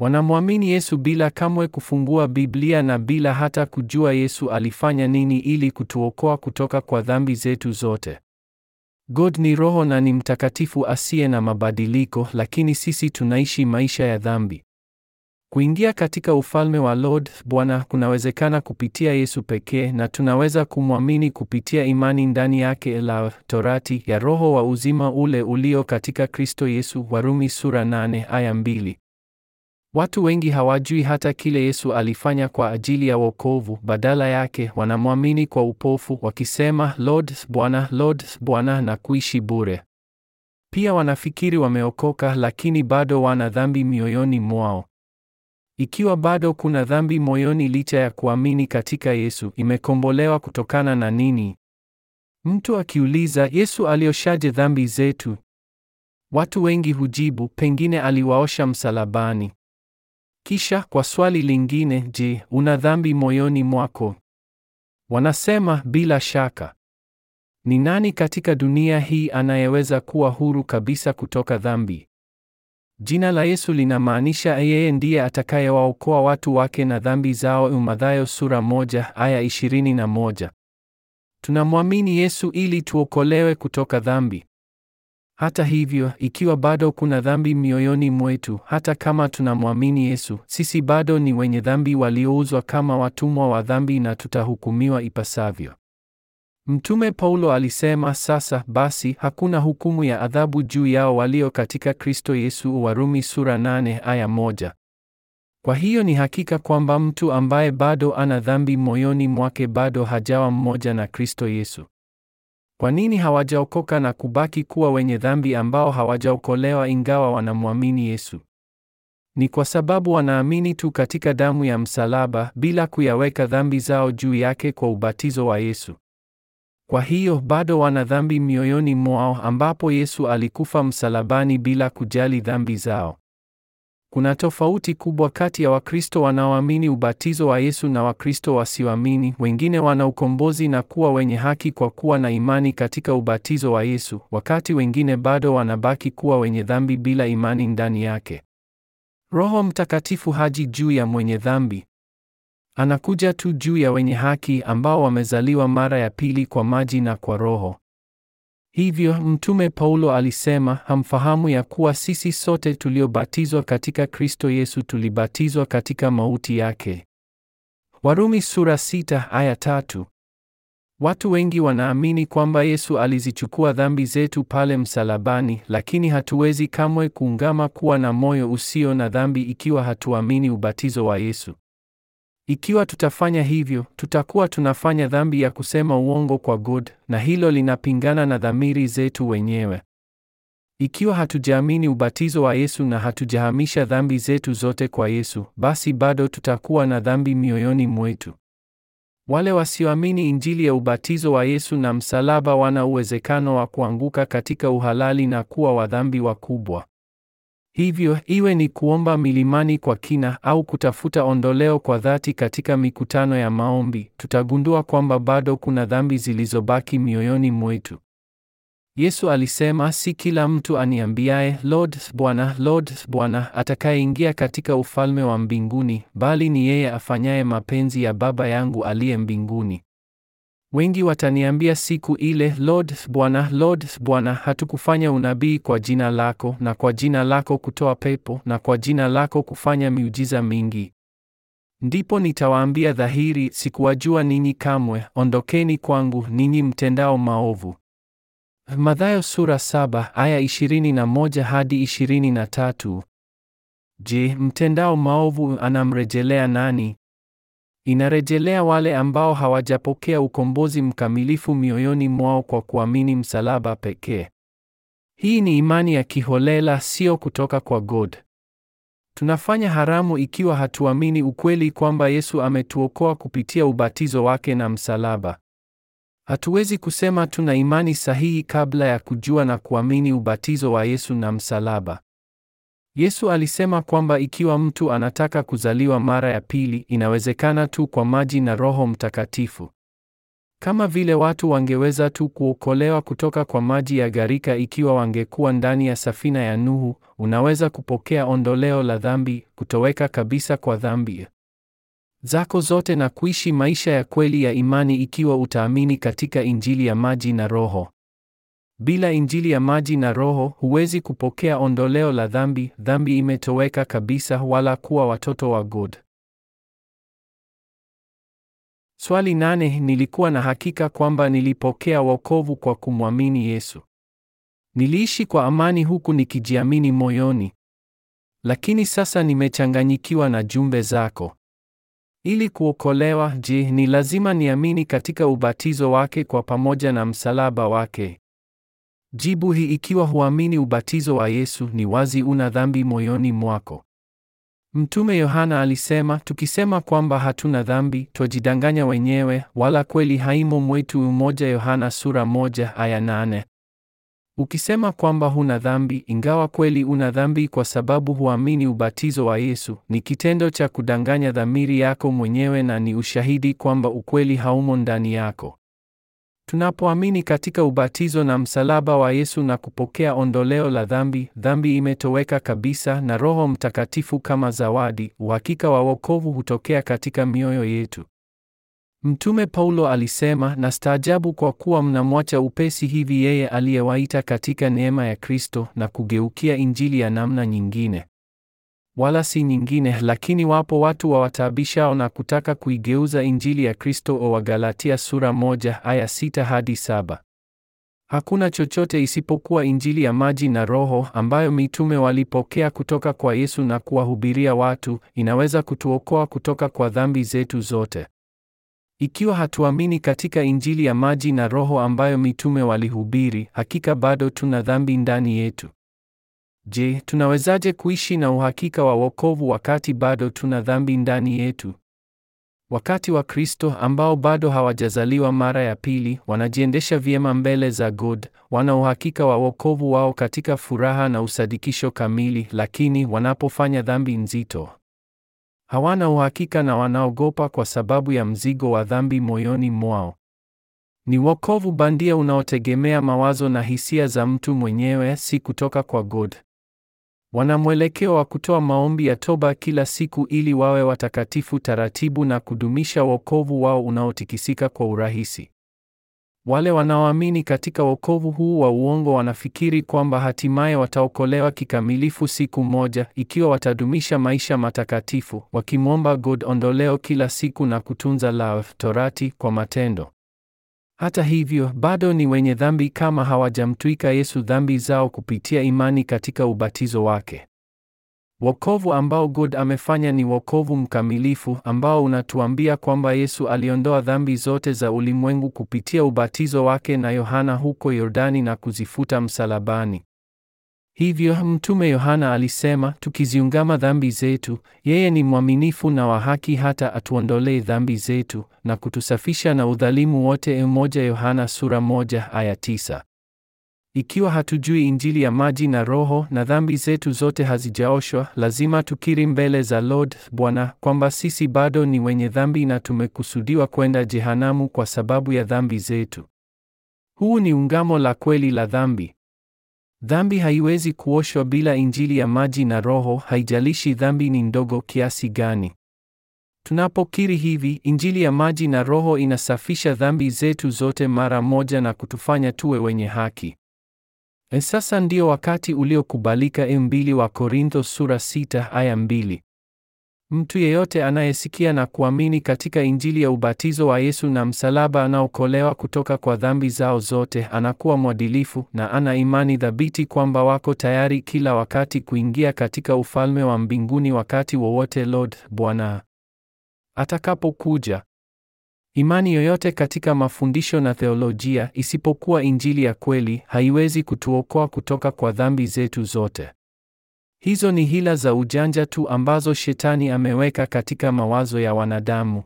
Wanamwamini Yesu bila kamwe kufungua Biblia na bila hata kujua Yesu alifanya nini ili kutuokoa kutoka kwa dhambi zetu zote. God ni roho na ni mtakatifu asiye na mabadiliko, lakini sisi tunaishi maisha ya dhambi. Kuingia katika ufalme wa Lord Bwana kunawezekana kupitia Yesu pekee na tunaweza kumwamini kupitia imani ndani yake la torati ya roho wa uzima ule ulio katika Kristo Yesu, Warumi sura nane aya mbili. Watu wengi hawajui hata kile Yesu alifanya kwa ajili ya wokovu. Badala yake wanamwamini kwa upofu, wakisema Lord, Bwana, Lord, Bwana, na kuishi bure. Pia wanafikiri wameokoka, lakini bado wana dhambi mioyoni mwao. Ikiwa bado kuna dhambi moyoni licha ya kuamini katika Yesu, imekombolewa kutokana na nini? Mtu akiuliza Yesu alioshaje dhambi zetu? Watu wengi hujibu pengine aliwaosha msalabani. Kisha kwa swali lingine, je, una dhambi moyoni mwako? Wanasema bila shaka. Ni nani katika dunia hii anayeweza kuwa huru kabisa kutoka dhambi? Jina la Yesu linamaanisha yeye ndiye atakayewaokoa watu wake na dhambi zao, Mathayo sura moja aya ishirini na moja. Tunamwamini Yesu ili tuokolewe kutoka dhambi. Hata hivyo, ikiwa bado kuna dhambi mioyoni mwetu, hata kama tunamwamini Yesu, sisi bado ni wenye dhambi waliouzwa kama watumwa wa dhambi na tutahukumiwa ipasavyo. Mtume Paulo alisema, sasa basi hakuna hukumu ya adhabu juu yao walio katika Kristo Yesu, Warumi sura nane aya moja. Kwa hiyo ni hakika kwamba mtu ambaye bado ana dhambi moyoni mwake bado hajawa mmoja na Kristo Yesu. Kwa nini hawajaokoka na kubaki kuwa wenye dhambi ambao hawajaokolewa ingawa wanamwamini Yesu? Ni kwa sababu wanaamini tu katika damu ya msalaba bila kuyaweka dhambi zao juu yake kwa ubatizo wa Yesu. Kwa hiyo bado wana dhambi mioyoni mwao ambapo Yesu alikufa msalabani bila kujali dhambi zao. Kuna tofauti kubwa kati ya Wakristo wanaoamini ubatizo wa Yesu na Wakristo wasioamini. Wengine wana ukombozi na kuwa wenye haki kwa kuwa na imani katika ubatizo wa Yesu, wakati wengine bado wanabaki kuwa wenye dhambi bila imani ndani yake. Roho Mtakatifu haji juu ya mwenye dhambi. Anakuja tu juu ya wenye haki ambao wamezaliwa mara ya pili kwa maji na kwa Roho. Hivyo Mtume Paulo alisema, hamfahamu ya kuwa sisi sote tuliobatizwa katika Kristo Yesu tulibatizwa katika mauti yake. Warumi sura sita aya tatu. Watu wengi wanaamini kwamba Yesu alizichukua dhambi zetu pale msalabani, lakini hatuwezi kamwe kuungama kuwa na moyo usio na dhambi ikiwa hatuamini ubatizo wa Yesu. Ikiwa tutafanya hivyo, tutakuwa tunafanya dhambi ya kusema uongo kwa God, na hilo linapingana na dhamiri zetu wenyewe. Ikiwa hatujaamini ubatizo wa Yesu na hatujahamisha dhambi zetu zote kwa Yesu, basi bado tutakuwa na dhambi mioyoni mwetu. Wale wasioamini Injili ya ubatizo wa Yesu na msalaba wana uwezekano wa kuanguka katika uhalali na kuwa wadhambi wakubwa. Hivyo iwe ni kuomba milimani kwa kina au kutafuta ondoleo kwa dhati katika mikutano ya maombi, tutagundua kwamba bado kuna dhambi zilizobaki mioyoni mwetu. Yesu alisema, si kila mtu aniambiaye Lord, Bwana, Lord, Bwana atakayeingia katika ufalme wa mbinguni, bali ni yeye afanyaye mapenzi ya Baba yangu aliye mbinguni. Wengi wataniambia siku ile, Lord, Bwana, Lord, Bwana, hatukufanya unabii kwa jina lako, na kwa jina lako kutoa pepo, na kwa jina lako kufanya miujiza mingi? Ndipo nitawaambia dhahiri, sikuwajua ninyi kamwe, ondokeni kwangu ninyi mtendao maovu. Mathayo sura saba aya ishirini na moja hadi ishirini na tatu. Je, mtendao maovu anamrejelea nani? Inarejelea wale ambao hawajapokea ukombozi mkamilifu mioyoni mwao kwa kuamini msalaba pekee. Hii ni imani ya kiholela, sio kutoka kwa God. Tunafanya haramu ikiwa hatuamini ukweli kwamba Yesu ametuokoa kupitia ubatizo wake na msalaba. Hatuwezi kusema tuna imani sahihi kabla ya kujua na kuamini ubatizo wa Yesu na msalaba. Yesu alisema kwamba ikiwa mtu anataka kuzaliwa mara ya pili, inawezekana tu kwa maji na Roho Mtakatifu. Kama vile watu wangeweza tu kuokolewa kutoka kwa maji ya gharika ikiwa wangekuwa ndani ya safina ya Nuhu, unaweza kupokea ondoleo la dhambi, kutoweka kabisa kwa dhambi zako zote na kuishi maisha ya kweli ya imani ikiwa utaamini katika Injili ya maji na Roho. Bila injili ya maji na Roho huwezi kupokea ondoleo la dhambi, dhambi imetoweka kabisa, wala kuwa watoto wa God. Swali nane: nilikuwa na hakika kwamba nilipokea wokovu kwa kumwamini Yesu. Niliishi kwa amani huku nikijiamini moyoni, lakini sasa nimechanganyikiwa na jumbe zako. Ili kuokolewa, je, ni lazima niamini katika ubatizo wake kwa pamoja na msalaba wake? Jibu hii ikiwa huamini ubatizo wa Yesu ni wazi una dhambi moyoni mwako. Mtume Yohana alisema, tukisema kwamba hatuna dhambi, twajidanganya wenyewe, wala kweli haimo mwetu. Umoja Yohana sura moja aya nane. Ukisema kwamba huna dhambi, ingawa kweli una dhambi kwa sababu huamini ubatizo wa Yesu, ni kitendo cha kudanganya dhamiri yako mwenyewe na ni ushahidi kwamba ukweli haumo ndani yako. Tunapoamini katika ubatizo na msalaba wa Yesu na kupokea ondoleo la dhambi, dhambi imetoweka kabisa na Roho Mtakatifu kama zawadi, uhakika wa wokovu hutokea katika mioyo yetu. Mtume Paulo alisema, na staajabu kwa kuwa mnamwacha upesi hivi yeye aliyewaita katika neema ya Kristo na kugeukia injili ya namna nyingine wala si nyingine, lakini wapo watu wawataabishao na kutaka kuigeuza injili ya Kristo. O Wagalatia sura moja aya sita hadi saba. Hakuna chochote isipokuwa injili ya maji na Roho ambayo mitume walipokea kutoka kwa Yesu na kuwahubiria watu, inaweza kutuokoa kutoka kwa dhambi zetu zote. Ikiwa hatuamini katika injili ya maji na Roho ambayo mitume walihubiri, hakika bado tuna dhambi ndani yetu. Je, tunawezaje kuishi na uhakika wa wokovu wakati bado tuna dhambi ndani yetu? Wakati wa Kristo ambao bado hawajazaliwa mara ya pili wanajiendesha vyema mbele za God, wana uhakika wa wokovu wao katika furaha na usadikisho kamili, lakini wanapofanya dhambi nzito, hawana uhakika na wanaogopa kwa sababu ya mzigo wa dhambi moyoni mwao. Ni wokovu bandia unaotegemea mawazo na hisia za mtu mwenyewe, si kutoka kwa God. Wana mwelekeo wa kutoa maombi ya toba kila siku ili wawe watakatifu taratibu na kudumisha wokovu wao unaotikisika kwa urahisi. Wale wanaoamini katika wokovu huu wa uongo wanafikiri kwamba hatimaye wataokolewa kikamilifu siku moja ikiwa watadumisha maisha matakatifu, wakimwomba God ondoleo kila siku na kutunza la Torati kwa matendo. Hata hivyo, bado ni wenye dhambi kama hawajamtwika Yesu dhambi zao kupitia imani katika ubatizo wake. Wokovu ambao God amefanya ni wokovu mkamilifu ambao unatuambia kwamba Yesu aliondoa dhambi zote za ulimwengu kupitia ubatizo wake na Yohana huko Yordani na kuzifuta msalabani. Hivyo Mtume Yohana alisema, tukiziungama dhambi zetu, yeye ni mwaminifu na wa haki hata atuondolee dhambi zetu na kutusafisha na udhalimu wote. Moja Yohana sura moja aya tisa. Ikiwa hatujui Injili ya maji na Roho na dhambi zetu zote hazijaoshwa, lazima tukiri mbele za Lord Bwana kwamba sisi bado ni wenye dhambi na tumekusudiwa kwenda jehanamu kwa sababu ya dhambi zetu. Huu ni ungamo la kweli la dhambi. Dhambi haiwezi kuoshwa bila injili ya maji na Roho, haijalishi dhambi ni ndogo kiasi gani. Tunapokiri hivi, injili ya maji na Roho inasafisha dhambi zetu zote mara moja na kutufanya tuwe wenye haki. E, sasa ndio wakati uliokubalika. 2 e, Korintho sura sita aya mbili. Mtu yeyote anayesikia na kuamini katika Injili ya ubatizo wa Yesu na msalaba anaokolewa kutoka kwa dhambi zao zote, anakuwa mwadilifu na ana imani thabiti kwamba wako tayari kila wakati kuingia katika ufalme wa mbinguni wakati wowote Lord Bwana atakapokuja. Imani yoyote katika mafundisho na theolojia isipokuwa Injili ya kweli haiwezi kutuokoa kutoka kwa dhambi zetu zote. Hizo ni hila za ujanja tu ambazo shetani ameweka katika mawazo ya wanadamu.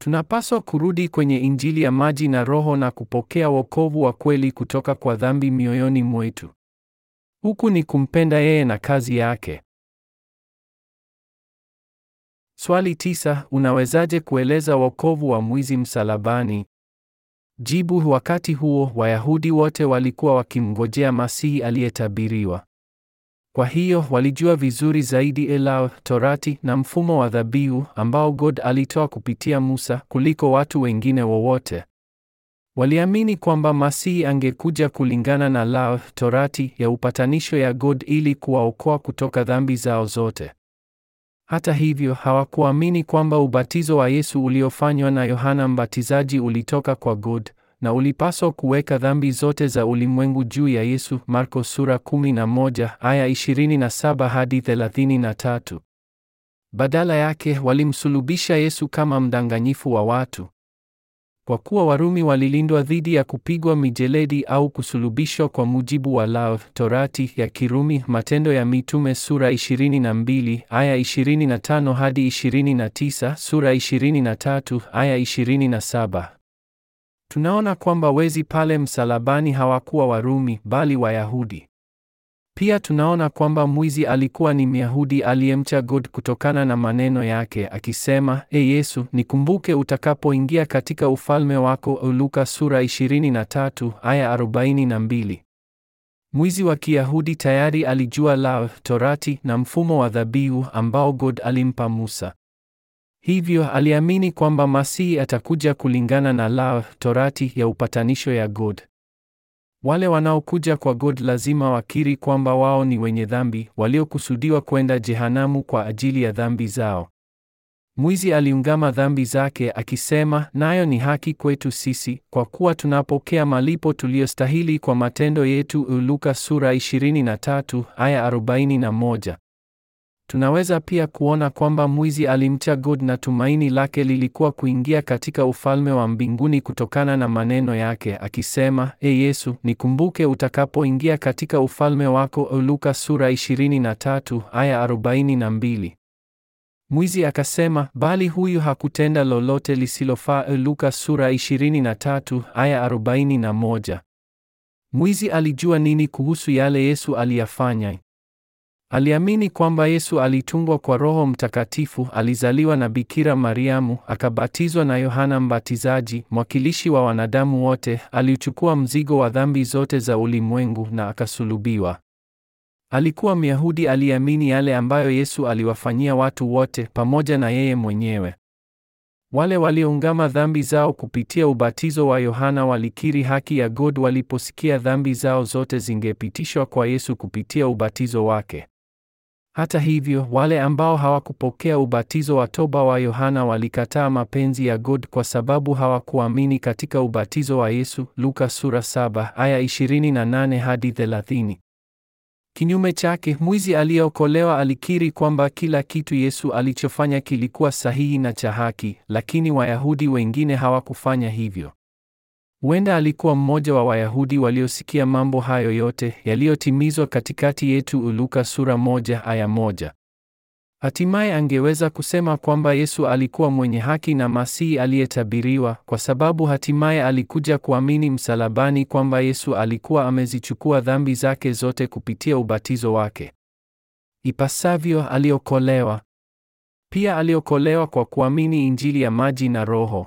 Tunapaswa kurudi kwenye injili ya maji na Roho na kupokea wokovu wa kweli kutoka kwa dhambi mioyoni mwetu. Huku ni kumpenda yeye na kazi yake. Swali tisa, unawezaje kueleza wokovu wa mwizi msalabani? Jibu, wakati huo Wayahudi wote walikuwa wakimngojea Masihi aliyetabiriwa. Kwa hiyo walijua vizuri zaidi elao, torati na mfumo wa dhabihu ambao God alitoa kupitia Musa kuliko watu wengine wowote. Waliamini kwamba Masihi angekuja kulingana na lao, torati ya upatanisho ya God ili kuwaokoa kutoka dhambi zao zote. Hata hivyo, hawakuamini kwamba ubatizo wa Yesu uliofanywa na Yohana Mbatizaji ulitoka kwa God, na ulipaswa kuweka dhambi zote za ulimwengu juu ya Yesu, Marko sura 11 aya 27 hadi 33. Badala yake walimsulubisha Yesu kama mdanganyifu wa watu. Kwa kuwa Warumi walilindwa dhidi ya kupigwa mijeledi au kusulubishwa kwa mujibu wa Law, Torati ya Kirumi, Matendo ya Mitume sura 22 aya 25 hadi 29, sura 23 aya 27. Tunaona kwamba wezi pale msalabani hawakuwa Warumi bali Wayahudi. Pia tunaona kwamba mwizi alikuwa ni Myahudi aliyemcha God kutokana na maneno yake akisema, E Yesu, nikumbuke utakapoingia katika ufalme wako. Luka sura 23 aya 42. Mwizi wa Kiyahudi tayari alijua law, torati na mfumo wa dhabihu ambao God alimpa Musa. Hivyo aliamini kwamba Masihi atakuja kulingana na la Torati ya upatanisho ya God. Wale wanaokuja kwa God lazima wakiri kwamba wao ni wenye dhambi, waliokusudiwa kwenda jehanamu kwa ajili ya dhambi zao. Mwizi aliungama dhambi zake akisema, nayo ni haki kwetu sisi kwa kuwa tunapokea malipo tuliyostahili kwa matendo yetu. Luka sura 23 aya 41. Tunaweza pia kuona kwamba mwizi alimcha God na tumaini lake lilikuwa kuingia katika ufalme wa mbinguni kutokana na maneno yake akisema, E Yesu, nikumbuke utakapoingia katika ufalme wako. Luka sura 23 aya 42. Mwizi akasema, bali huyu hakutenda lolote lisilofaa. Luka sura 23 aya 41. Mwizi alijua nini kuhusu yale Yesu aliyafanya? Aliamini kwamba Yesu alitungwa kwa Roho Mtakatifu, alizaliwa na Bikira Mariamu, akabatizwa na Yohana Mbatizaji, mwakilishi wa wanadamu wote, alichukua mzigo wa dhambi zote za ulimwengu na akasulubiwa. Alikuwa Myahudi aliamini yale ambayo Yesu aliwafanyia watu wote pamoja na yeye mwenyewe. Wale walioungama dhambi zao kupitia ubatizo wa Yohana walikiri haki ya God waliposikia dhambi zao zote zingepitishwa kwa Yesu kupitia ubatizo wake. Hata hivyo, wale ambao hawakupokea ubatizo wa toba wa Yohana walikataa mapenzi ya God kwa sababu hawakuamini katika ubatizo wa Yesu, Luka sura 7 aya 28 hadi 30. Kinyume chake, mwizi aliyeokolewa alikiri kwamba kila kitu Yesu alichofanya kilikuwa sahihi na cha haki, lakini Wayahudi wengine hawakufanya hivyo. Huenda alikuwa mmoja wa Wayahudi waliosikia mambo hayo yote yaliyotimizwa katikati yetu, Luka sura moja aya moja. Hatimaye angeweza kusema kwamba Yesu alikuwa mwenye haki na Masihi aliyetabiriwa kwa sababu hatimaye alikuja kuamini msalabani kwamba Yesu alikuwa amezichukua dhambi zake zote kupitia ubatizo wake. Ipasavyo aliokolewa. Pia aliokolewa kwa kuamini Injili ya maji na Roho.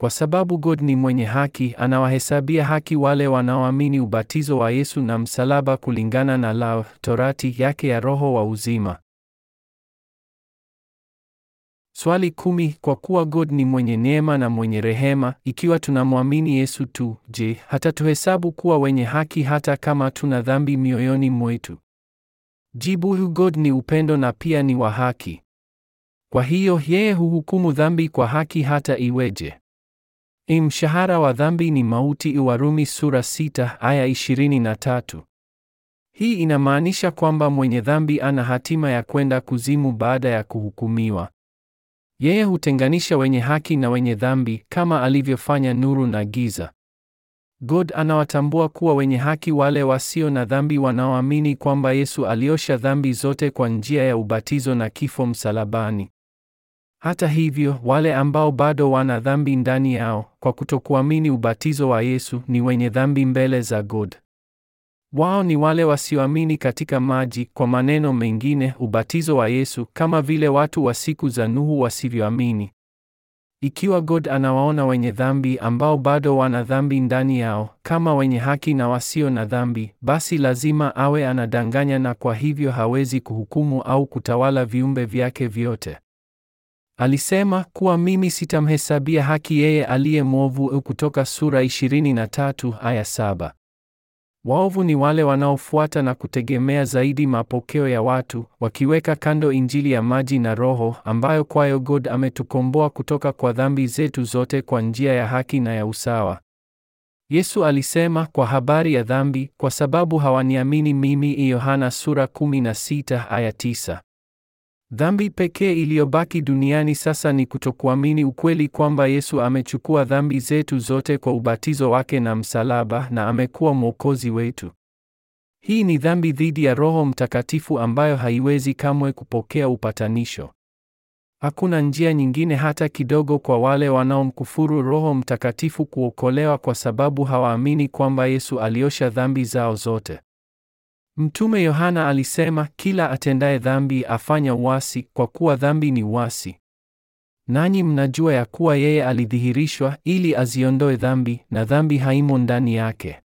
Kwa sababu God ni mwenye haki, anawahesabia haki wale wanaoamini ubatizo wa Yesu na msalaba kulingana na la torati yake ya roho wa uzima. Swali kumi. Kwa kuwa God ni mwenye neema na mwenye rehema, ikiwa tunamwamini Yesu tu, je, hatatuhesabu kuwa wenye haki hata kama tuna dhambi mioyoni mwetu? Jibu: God ni upendo na pia ni wa haki. Kwa hiyo yeye huhukumu dhambi kwa haki hata iweje. I mshahara wa dhambi ni mauti, Warumi sura sita aya tatu. Hii inamaanisha kwamba mwenye dhambi ana hatima ya kwenda kuzimu baada ya kuhukumiwa. Yeye hutenganisha wenye haki na wenye dhambi kama alivyofanya nuru na giza. God anawatambua kuwa wenye haki wale wasio na dhambi wanaoamini kwamba Yesu aliosha dhambi zote kwa njia ya ubatizo na kifo msalabani. Hata hivyo, wale ambao bado wana dhambi ndani yao kwa kutokuamini ubatizo wa Yesu ni wenye dhambi mbele za God. Wao ni wale wasioamini katika maji, kwa maneno mengine, ubatizo wa Yesu, kama vile watu wa siku za Nuhu wasivyoamini. Ikiwa God anawaona wenye dhambi ambao bado wana dhambi ndani yao kama wenye haki na wasio na dhambi, basi lazima awe anadanganya na kwa hivyo hawezi kuhukumu au kutawala viumbe vyake vyote. Alisema kuwa mimi sitamhesabia haki yeye aliye mwovu kutoka sura 23 aya 7. Waovu ni wale wanaofuata na kutegemea zaidi mapokeo ya watu, wakiweka kando injili ya maji na roho ambayo kwayo God ametukomboa kutoka kwa dhambi zetu zote kwa njia ya haki na ya usawa. Yesu alisema kwa habari ya dhambi, kwa sababu hawaniamini mimi, Yohana sura 16 aya 9. Dhambi pekee iliyobaki duniani sasa ni kutokuamini ukweli kwamba Yesu amechukua dhambi zetu zote kwa ubatizo wake na msalaba na amekuwa mwokozi wetu. Hii ni dhambi dhidi ya Roho Mtakatifu ambayo haiwezi kamwe kupokea upatanisho. Hakuna njia nyingine hata kidogo kwa wale wanaomkufuru Roho Mtakatifu kuokolewa kwa sababu hawaamini kwamba Yesu aliosha dhambi zao zote. Mtume Yohana alisema kila atendaye dhambi afanya uasi, kwa kuwa dhambi ni uasi. Nanyi mnajua ya kuwa yeye alidhihirishwa ili aziondoe dhambi, na dhambi haimo ndani yake.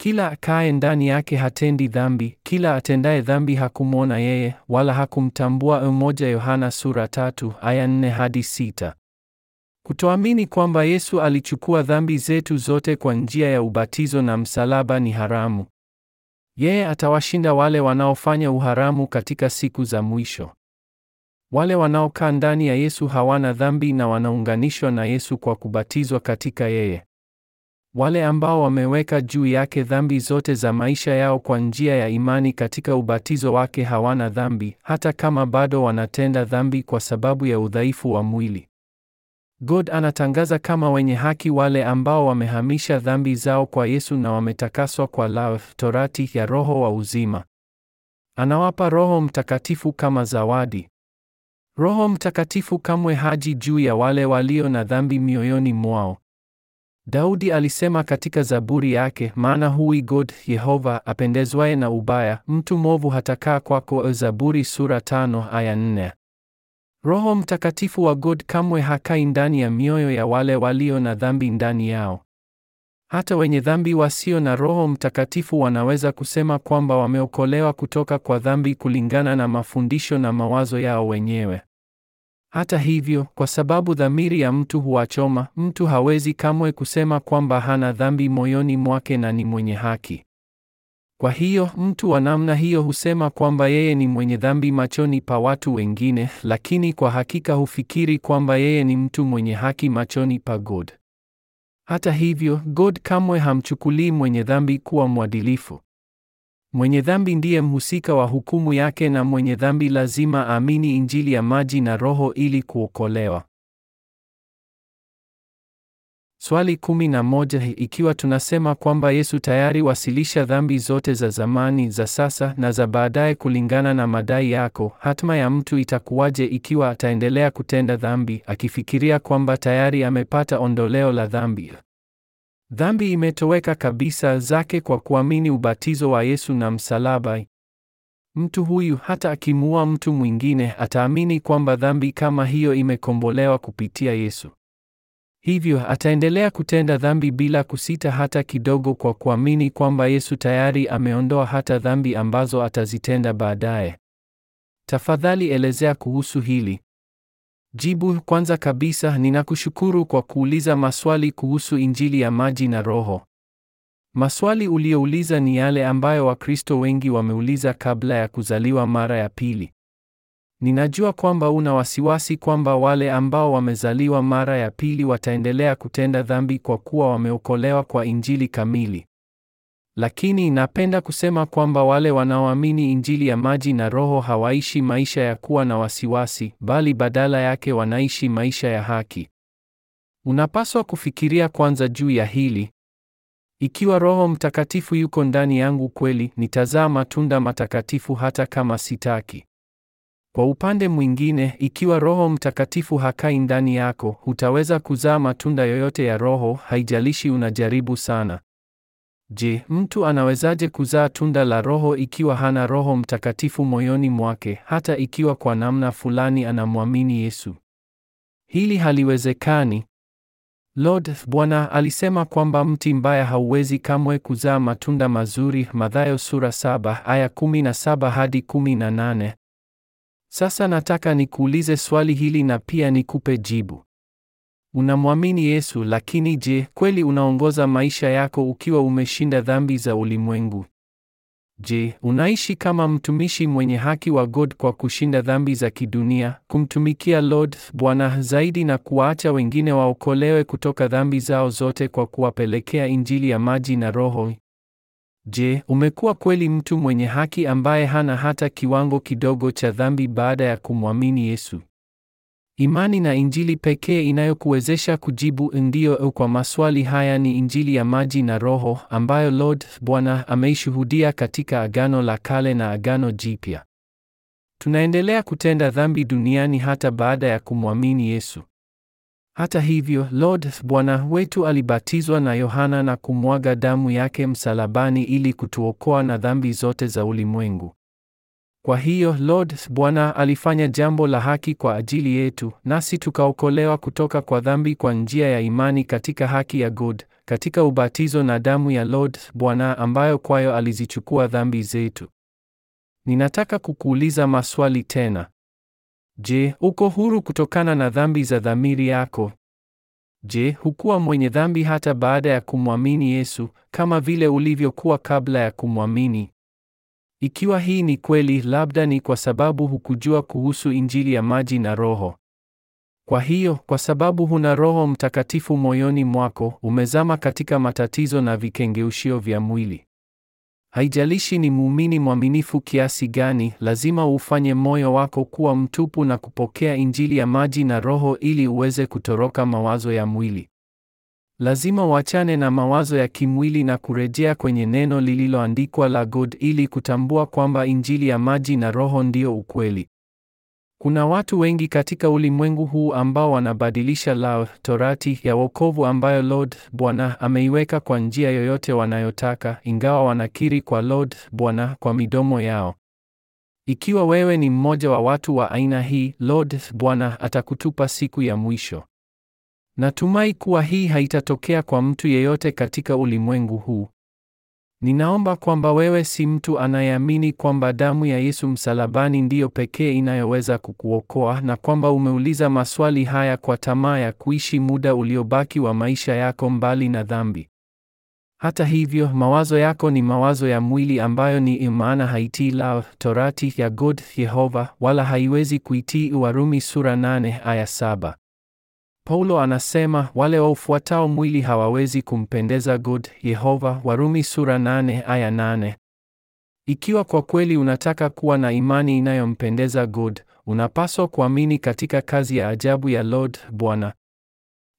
Kila akaye ndani yake hatendi dhambi, kila atendaye dhambi hakumwona yeye, wala hakumtambua. Moja Yohana sura tatu aya nne hadi sita. Kutoamini kwamba Yesu alichukua dhambi zetu zote kwa njia ya ubatizo na msalaba ni haramu. Yeye atawashinda wale wanaofanya uharamu katika siku za mwisho. Wale wanaokaa ndani ya Yesu hawana dhambi na wanaunganishwa na Yesu kwa kubatizwa katika yeye. Wale ambao wameweka juu yake dhambi zote za maisha yao kwa njia ya imani katika ubatizo wake hawana dhambi, hata kama bado wanatenda dhambi kwa sababu ya udhaifu wa mwili. God anatangaza kama wenye haki wale ambao wamehamisha dhambi zao kwa Yesu na wametakaswa kwa lav torati ya roho wa uzima. Anawapa Roho Mtakatifu kama zawadi. Roho Mtakatifu kamwe haji juu ya wale walio na dhambi mioyoni mwao. Daudi alisema katika Zaburi yake, maana hui God Yehova apendezwaye na ubaya, mtu mwovu hatakaa kwako. Zaburi sura tano aya nne. Roho Mtakatifu wa God kamwe hakai ndani ya mioyo ya wale walio na dhambi ndani yao. Hata wenye dhambi wasio na Roho Mtakatifu wanaweza kusema kwamba wameokolewa kutoka kwa dhambi kulingana na mafundisho na mawazo yao wenyewe. Hata hivyo, kwa sababu dhamiri ya mtu huwachoma, mtu hawezi kamwe kusema kwamba hana dhambi moyoni mwake na ni mwenye haki. Kwa hiyo mtu wa namna hiyo husema kwamba yeye ni mwenye dhambi machoni pa watu wengine, lakini kwa hakika hufikiri kwamba yeye ni mtu mwenye haki machoni pa God. Hata hivyo, God kamwe hamchukulii mwenye dhambi kuwa mwadilifu. Mwenye dhambi ndiye mhusika wa hukumu yake na mwenye dhambi lazima aamini Injili ya maji na Roho ili kuokolewa. Swali kumi na moja. Ikiwa tunasema kwamba Yesu tayari wasilisha dhambi zote za zamani, za sasa na za baadaye kulingana na madai yako, hatma ya mtu itakuwaje ikiwa ataendelea kutenda dhambi akifikiria kwamba tayari amepata ondoleo la dhambi? Dhambi imetoweka kabisa zake kwa kuamini ubatizo wa Yesu na msalaba. Mtu huyu hata akimuua mtu mwingine, ataamini kwamba dhambi kama hiyo imekombolewa kupitia Yesu. Hivyo ataendelea kutenda dhambi bila kusita hata kidogo kwa kuamini kwamba Yesu tayari ameondoa hata dhambi ambazo atazitenda baadaye. Tafadhali elezea kuhusu hili. Jibu: kwanza kabisa, ninakushukuru kwa kuuliza maswali kuhusu Injili ya maji na Roho. Maswali uliouliza ni yale ambayo Wakristo wengi wameuliza kabla ya kuzaliwa mara ya pili. Ninajua kwamba una wasiwasi kwamba wale ambao wamezaliwa mara ya pili wataendelea kutenda dhambi kwa kuwa wameokolewa kwa injili kamili. Lakini napenda kusema kwamba wale wanaoamini injili ya maji na Roho hawaishi maisha ya kuwa na wasiwasi, bali badala yake wanaishi maisha ya haki. Unapaswa kufikiria kwanza juu ya hili. Ikiwa Roho Mtakatifu yuko ndani yangu kweli, nitazaa matunda matakatifu hata kama sitaki. Kwa upande mwingine, ikiwa Roho Mtakatifu hakai ndani yako, hutaweza kuzaa matunda yoyote ya Roho, haijalishi unajaribu sana. Je, mtu anawezaje kuzaa tunda la Roho ikiwa hana Roho Mtakatifu moyoni mwake, hata ikiwa kwa namna fulani anamwamini Yesu? Hili haliwezekani. Lord Bwana alisema kwamba mti mbaya hauwezi kamwe kuzaa matunda mazuri, Mathayo sura 7 aya 17 hadi 18. Sasa nataka nikuulize swali hili na pia nikupe jibu. Unamwamini Yesu, lakini je, kweli unaongoza maisha yako ukiwa umeshinda dhambi za ulimwengu? Je, unaishi kama mtumishi mwenye haki wa God kwa kushinda dhambi za kidunia, kumtumikia Lord Bwana zaidi na kuwaacha wengine waokolewe kutoka dhambi zao zote kwa kuwapelekea injili ya maji na Roho? Je, umekuwa kweli mtu mwenye haki ambaye hana hata kiwango kidogo cha dhambi baada ya kumwamini Yesu? Imani na Injili pekee inayokuwezesha kujibu ndio kwa maswali haya ni Injili ya maji na Roho ambayo Lord Bwana ameishuhudia katika Agano la Kale na Agano Jipya. Tunaendelea kutenda dhambi duniani hata baada ya kumwamini Yesu. Hata hivyo, Lord Bwana wetu alibatizwa na Yohana na kumwaga damu yake msalabani ili kutuokoa na dhambi zote za ulimwengu. Kwa hiyo Lord Bwana alifanya jambo la haki kwa ajili yetu, nasi tukaokolewa kutoka kwa dhambi kwa njia ya imani katika haki ya God, katika ubatizo na damu ya Lord Bwana ambayo kwayo alizichukua dhambi zetu. Ninataka kukuuliza maswali tena. Je, uko huru kutokana na dhambi za dhamiri yako? Je, hukuwa mwenye dhambi hata baada ya kumwamini Yesu kama vile ulivyokuwa kabla ya kumwamini? Ikiwa hii ni kweli, labda ni kwa sababu hukujua kuhusu Injili ya maji na Roho. Kwa hiyo, kwa sababu huna Roho Mtakatifu moyoni mwako, umezama katika matatizo na vikengeushio vya mwili. Haijalishi ni muumini mwaminifu kiasi gani, lazima ufanye moyo wako kuwa mtupu na kupokea injili ya maji na Roho ili uweze kutoroka mawazo ya mwili. Lazima uachane na mawazo ya kimwili na kurejea kwenye neno lililoandikwa la God ili kutambua kwamba injili ya maji na Roho ndio ukweli. Kuna watu wengi katika ulimwengu huu ambao wanabadilisha la torati ya wokovu ambayo Lord Bwana ameiweka kwa njia yoyote wanayotaka, ingawa wanakiri kwa Lord Bwana kwa midomo yao. Ikiwa wewe ni mmoja wa watu wa aina hii, Lord Bwana atakutupa siku ya mwisho. Natumai kuwa hii haitatokea kwa mtu yeyote katika ulimwengu huu. Ninaomba kwamba wewe si mtu anayeamini kwamba damu ya Yesu msalabani ndiyo pekee inayoweza kukuokoa na kwamba umeuliza maswali haya kwa tamaa ya kuishi muda uliobaki wa maisha yako mbali na dhambi. Hata hivyo, mawazo yako ni mawazo ya mwili ambayo ni imana haitii la Torati ya God Yehova wala haiwezi kuitii Warumi sura nane aya saba. Paulo anasema wale waufuatao mwili hawawezi kumpendeza God Yehova, Warumi sura nane aya nane. Ikiwa kwa kweli unataka kuwa na imani inayompendeza God, unapaswa kuamini katika kazi ya ajabu ya Lord Bwana.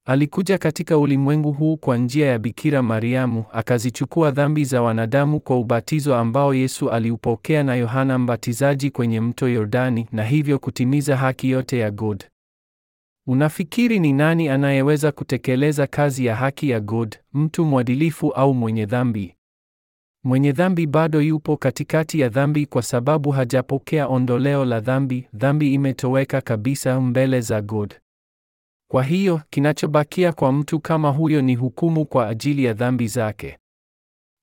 Alikuja katika ulimwengu huu kwa njia ya Bikira Mariamu, akazichukua dhambi za wanadamu kwa ubatizo ambao Yesu aliupokea na Yohana Mbatizaji kwenye mto Yordani, na hivyo kutimiza haki yote ya God. Unafikiri ni nani anayeweza kutekeleza kazi ya haki ya God, mtu mwadilifu au mwenye dhambi? Mwenye dhambi bado yupo katikati ya dhambi kwa sababu hajapokea ondoleo la dhambi, dhambi imetoweka kabisa mbele za God. Kwa hiyo, kinachobakia kwa mtu kama huyo ni hukumu kwa ajili ya dhambi zake.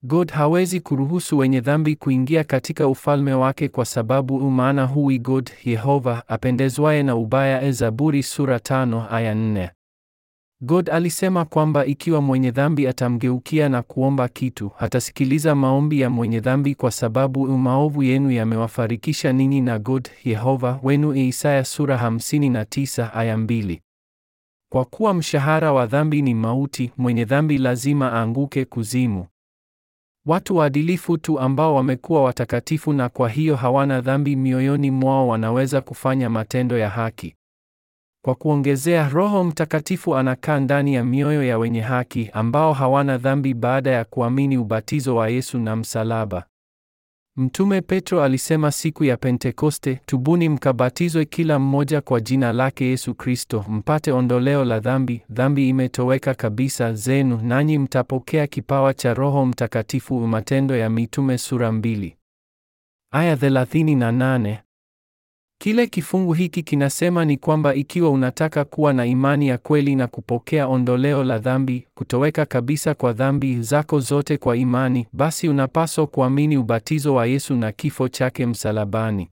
God hawezi kuruhusu wenye dhambi kuingia katika ufalme wake kwa sababu umaana huwi God Yehova apendezwaye na ubaya. E, Zaburi sura tano aya nne. God alisema kwamba ikiwa mwenye dhambi atamgeukia na kuomba kitu, hatasikiliza maombi ya mwenye dhambi kwa sababu maovu yenu yamewafarikisha ninyi na God Yehova wenu. E, Isaya sura 59 aya 2. Kwa kuwa mshahara wa dhambi ni mauti, mwenye dhambi lazima aanguke kuzimu. Watu waadilifu tu ambao wamekuwa watakatifu na kwa hiyo hawana dhambi mioyoni mwao wanaweza kufanya matendo ya haki. Kwa kuongezea, Roho Mtakatifu anakaa ndani ya mioyo ya wenye haki ambao hawana dhambi baada ya kuamini ubatizo wa Yesu na msalaba. Mtume Petro alisema siku ya Pentekoste, tubuni mkabatizwe kila mmoja kwa jina lake Yesu Kristo, mpate ondoleo la dhambi, dhambi imetoweka kabisa zenu, nanyi mtapokea kipawa cha Roho Mtakatifu. Matendo ya Mitume sura mbili aya 38. Kile kifungu hiki kinasema ni kwamba ikiwa unataka kuwa na imani ya kweli na kupokea ondoleo la dhambi, kutoweka kabisa kwa dhambi zako zote kwa imani, basi unapaswa kuamini ubatizo wa Yesu na kifo chake msalabani.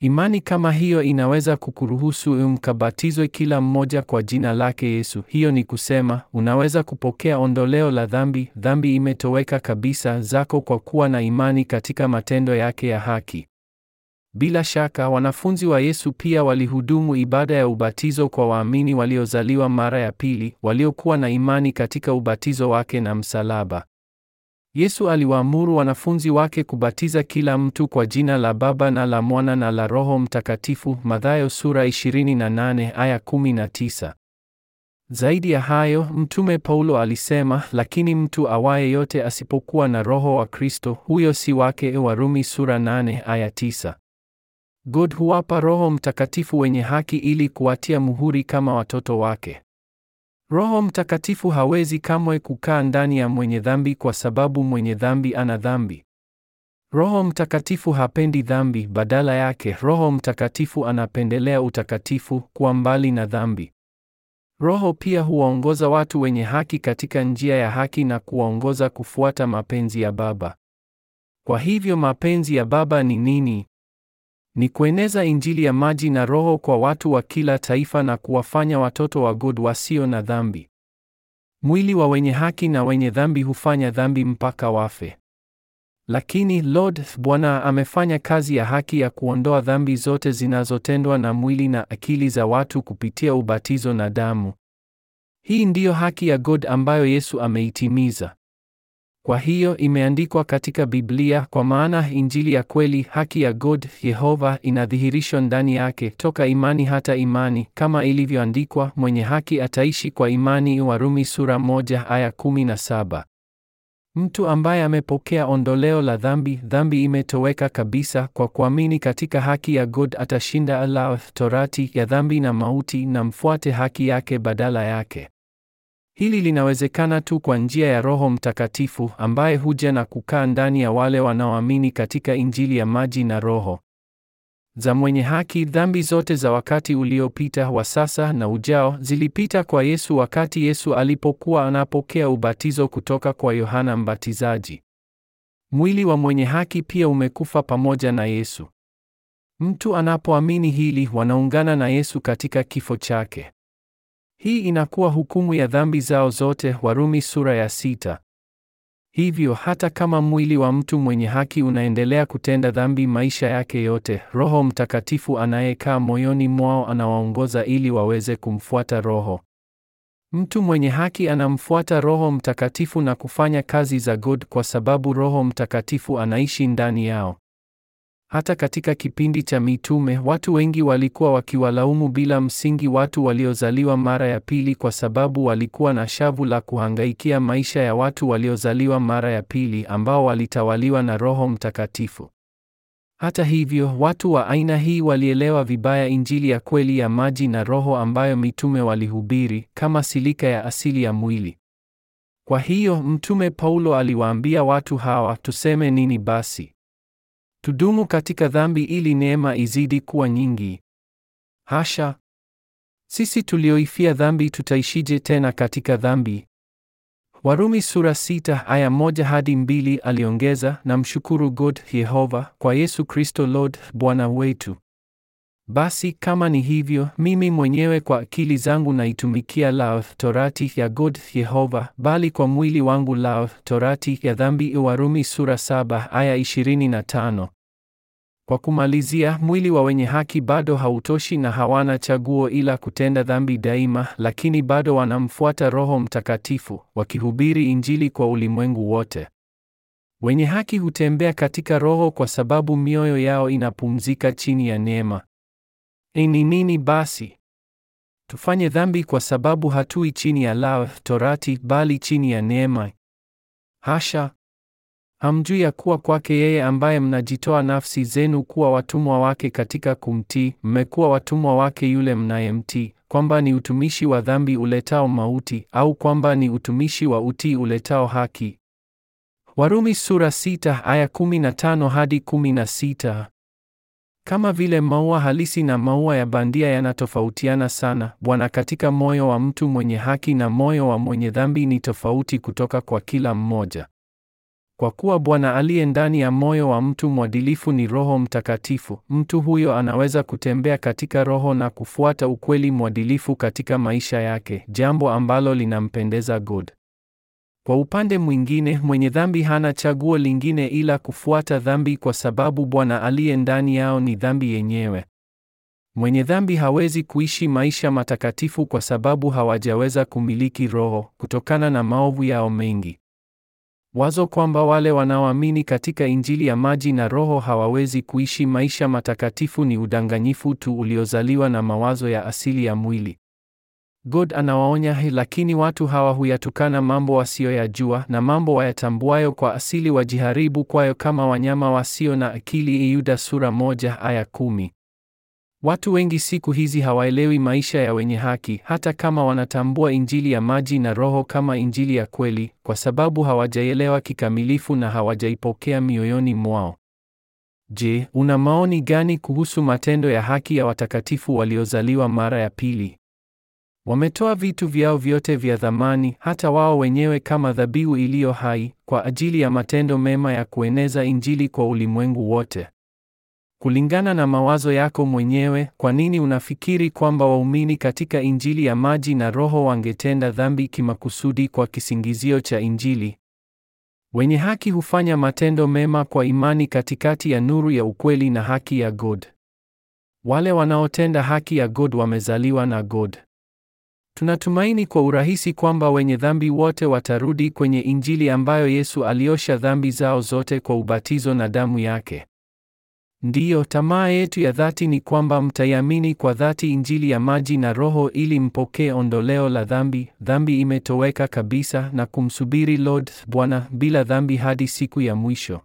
Imani kama hiyo inaweza kukuruhusu umkabatizwe kila mmoja kwa jina lake Yesu. Hiyo ni kusema, unaweza kupokea ondoleo la dhambi, dhambi imetoweka kabisa zako kwa kuwa na imani katika matendo yake ya haki. Bila shaka wanafunzi wa Yesu pia walihudumu ibada ya ubatizo kwa waamini waliozaliwa mara ya pili, waliokuwa na imani katika ubatizo wake na msalaba. Yesu aliwaamuru wanafunzi wake kubatiza kila mtu kwa jina la Baba na la Mwana na la Roho Mtakatifu, Mathayo sura 28 aya 19. Zaidi ya hayo, Mtume Paulo alisema, lakini mtu awaye yote asipokuwa na Roho wa Kristo, huyo si wake, Warumi sura 8 aya 9. God huwapa Roho Mtakatifu wenye haki ili kuwatia muhuri kama watoto wake. Roho Mtakatifu hawezi kamwe kukaa ndani ya mwenye dhambi kwa sababu mwenye dhambi ana dhambi. Roho Mtakatifu hapendi dhambi, badala yake Roho Mtakatifu anapendelea utakatifu kwa mbali na dhambi. Roho pia huwaongoza watu wenye haki katika njia ya haki na kuwaongoza kufuata mapenzi ya Baba. Kwa hivyo mapenzi ya Baba ni nini? ni kueneza Injili ya maji na Roho kwa watu wa kila taifa na kuwafanya watoto wa God wasio na dhambi. Mwili wa wenye haki na wenye dhambi hufanya dhambi mpaka wafe. Lakini Lord Bwana amefanya kazi ya haki ya kuondoa dhambi zote zinazotendwa na mwili na akili za watu kupitia ubatizo na damu. Hii ndiyo haki ya God ambayo Yesu ameitimiza. Kwa hiyo imeandikwa katika Biblia, kwa maana injili ya kweli, haki ya God Yehova, inadhihirishwa ndani yake toka imani hata imani, kama ilivyoandikwa, mwenye haki ataishi kwa imani, Warumi sura moja aya kumi na saba. Mtu ambaye amepokea ondoleo la dhambi, dhambi imetoweka kabisa kwa kuamini katika haki ya God, atashinda alaa torati ya dhambi na mauti, na mfuate haki yake badala yake. Hili linawezekana tu kwa njia ya Roho Mtakatifu ambaye huja na kukaa ndani ya wale wanaoamini katika Injili ya maji na Roho. Za mwenye haki, dhambi zote za wakati uliopita, wa sasa na ujao zilipita kwa Yesu wakati Yesu alipokuwa anapokea ubatizo kutoka kwa Yohana Mbatizaji. Mwili wa mwenye haki pia umekufa pamoja na Yesu. Mtu anapoamini hili, wanaungana na Yesu katika kifo chake. Hii inakuwa hukumu ya dhambi zao zote, Warumi sura ya sita. Hivyo hata kama mwili wa mtu mwenye haki unaendelea kutenda dhambi maisha yake yote, Roho Mtakatifu anayekaa moyoni mwao anawaongoza ili waweze kumfuata Roho. Mtu mwenye haki anamfuata Roho Mtakatifu na kufanya kazi za God kwa sababu Roho Mtakatifu anaishi ndani yao. Hata katika kipindi cha mitume, watu wengi walikuwa wakiwalaumu bila msingi watu waliozaliwa mara ya pili kwa sababu walikuwa na shavu la kuhangaikia maisha ya watu waliozaliwa mara ya pili ambao walitawaliwa na Roho Mtakatifu. Hata hivyo, watu wa aina hii walielewa vibaya Injili ya kweli ya maji na Roho ambayo mitume walihubiri kama silika ya asili ya mwili. Kwa hiyo, Mtume Paulo aliwaambia watu hawa, tuseme nini basi? Tudumu katika dhambi ili neema izidi kuwa nyingi? Hasha! Sisi tulioifia dhambi tutaishije tena katika dhambi? Warumi sura sita aya moja hadi mbili aliongeza, namshukuru God Yehova kwa Yesu Kristo Lord Bwana wetu. Basi kama ni hivyo, mimi mwenyewe kwa akili zangu naitumikia la torati ya God Yehova, bali kwa mwili wangu la torati ya dhambi. Warumi sura saba aya ishirini na tano. Kwa kumalizia, mwili wa wenye haki bado hautoshi na hawana chaguo ila kutenda dhambi daima, lakini bado wanamfuata Roho Mtakatifu wakihubiri Injili kwa ulimwengu wote. Wenye haki hutembea katika Roho kwa sababu mioyo yao inapumzika chini ya neema. E, ni nini basi? Tufanye dhambi kwa sababu hatui chini ya law, Torati, bali chini ya neema? Hasha! Hamjui ya kuwa kwake yeye ambaye mnajitoa nafsi zenu kuwa watumwa wake katika kumtii, mmekuwa watumwa wake yule mnayemtii, kwamba ni utumishi wa dhambi uletao mauti, au kwamba ni utumishi wa utii uletao haki. Warumi sura sita aya kumi na tano hadi kumi na sita. Kama vile maua halisi na maua ya bandia yanatofautiana sana, Bwana, katika moyo wa mtu mwenye haki na moyo wa mwenye dhambi ni tofauti kutoka kwa kila mmoja. Kwa kuwa Bwana aliye ndani ya moyo wa mtu mwadilifu ni Roho Mtakatifu, mtu huyo anaweza kutembea katika Roho na kufuata ukweli mwadilifu katika maisha yake, jambo ambalo linampendeza God. Kwa upande mwingine, mwenye dhambi hana chaguo lingine ila kufuata dhambi kwa sababu Bwana aliye ndani yao ni dhambi yenyewe. Mwenye dhambi hawezi kuishi maisha matakatifu kwa sababu hawajaweza kumiliki Roho kutokana na maovu yao mengi. Wazo kwamba wale wanaoamini katika Injili ya maji na Roho hawawezi kuishi maisha matakatifu ni udanganyifu tu uliozaliwa na mawazo ya asili ya mwili. God anawaonya, lakini watu hawa huyatukana mambo wasiyoyajua na mambo wayatambuayo kwa asili wajiharibu kwayo kama wanyama wasio na akili. Yuda sura moja aya kumi. Watu wengi siku hizi hawaelewi maisha ya wenye haki, hata kama wanatambua Injili ya maji na Roho kama Injili ya kweli, kwa sababu hawajaielewa kikamilifu na hawajaipokea mioyoni mwao. Je, una maoni gani kuhusu matendo ya haki ya watakatifu waliozaliwa mara ya pili? Wametoa vitu vyao vyote vya thamani, hata wao wenyewe kama dhabihu iliyo hai, kwa ajili ya matendo mema ya kueneza Injili kwa ulimwengu wote. Kulingana na mawazo yako mwenyewe, kwa nini unafikiri kwamba waumini katika Injili ya maji na Roho wangetenda dhambi kimakusudi kwa kisingizio cha Injili? Wenye haki hufanya matendo mema kwa imani katikati ya nuru ya ukweli na haki ya God. Wale wanaotenda haki ya God wamezaliwa na God. Tunatumaini kwa urahisi kwamba wenye dhambi wote watarudi kwenye Injili ambayo Yesu aliosha dhambi zao zote kwa ubatizo na damu yake. Ndiyo, tamaa yetu ya dhati ni kwamba mtaiamini kwa dhati Injili ya maji na Roho ili mpokee ondoleo la dhambi, dhambi imetoweka kabisa, na kumsubiri Lord Bwana bila dhambi hadi siku ya mwisho.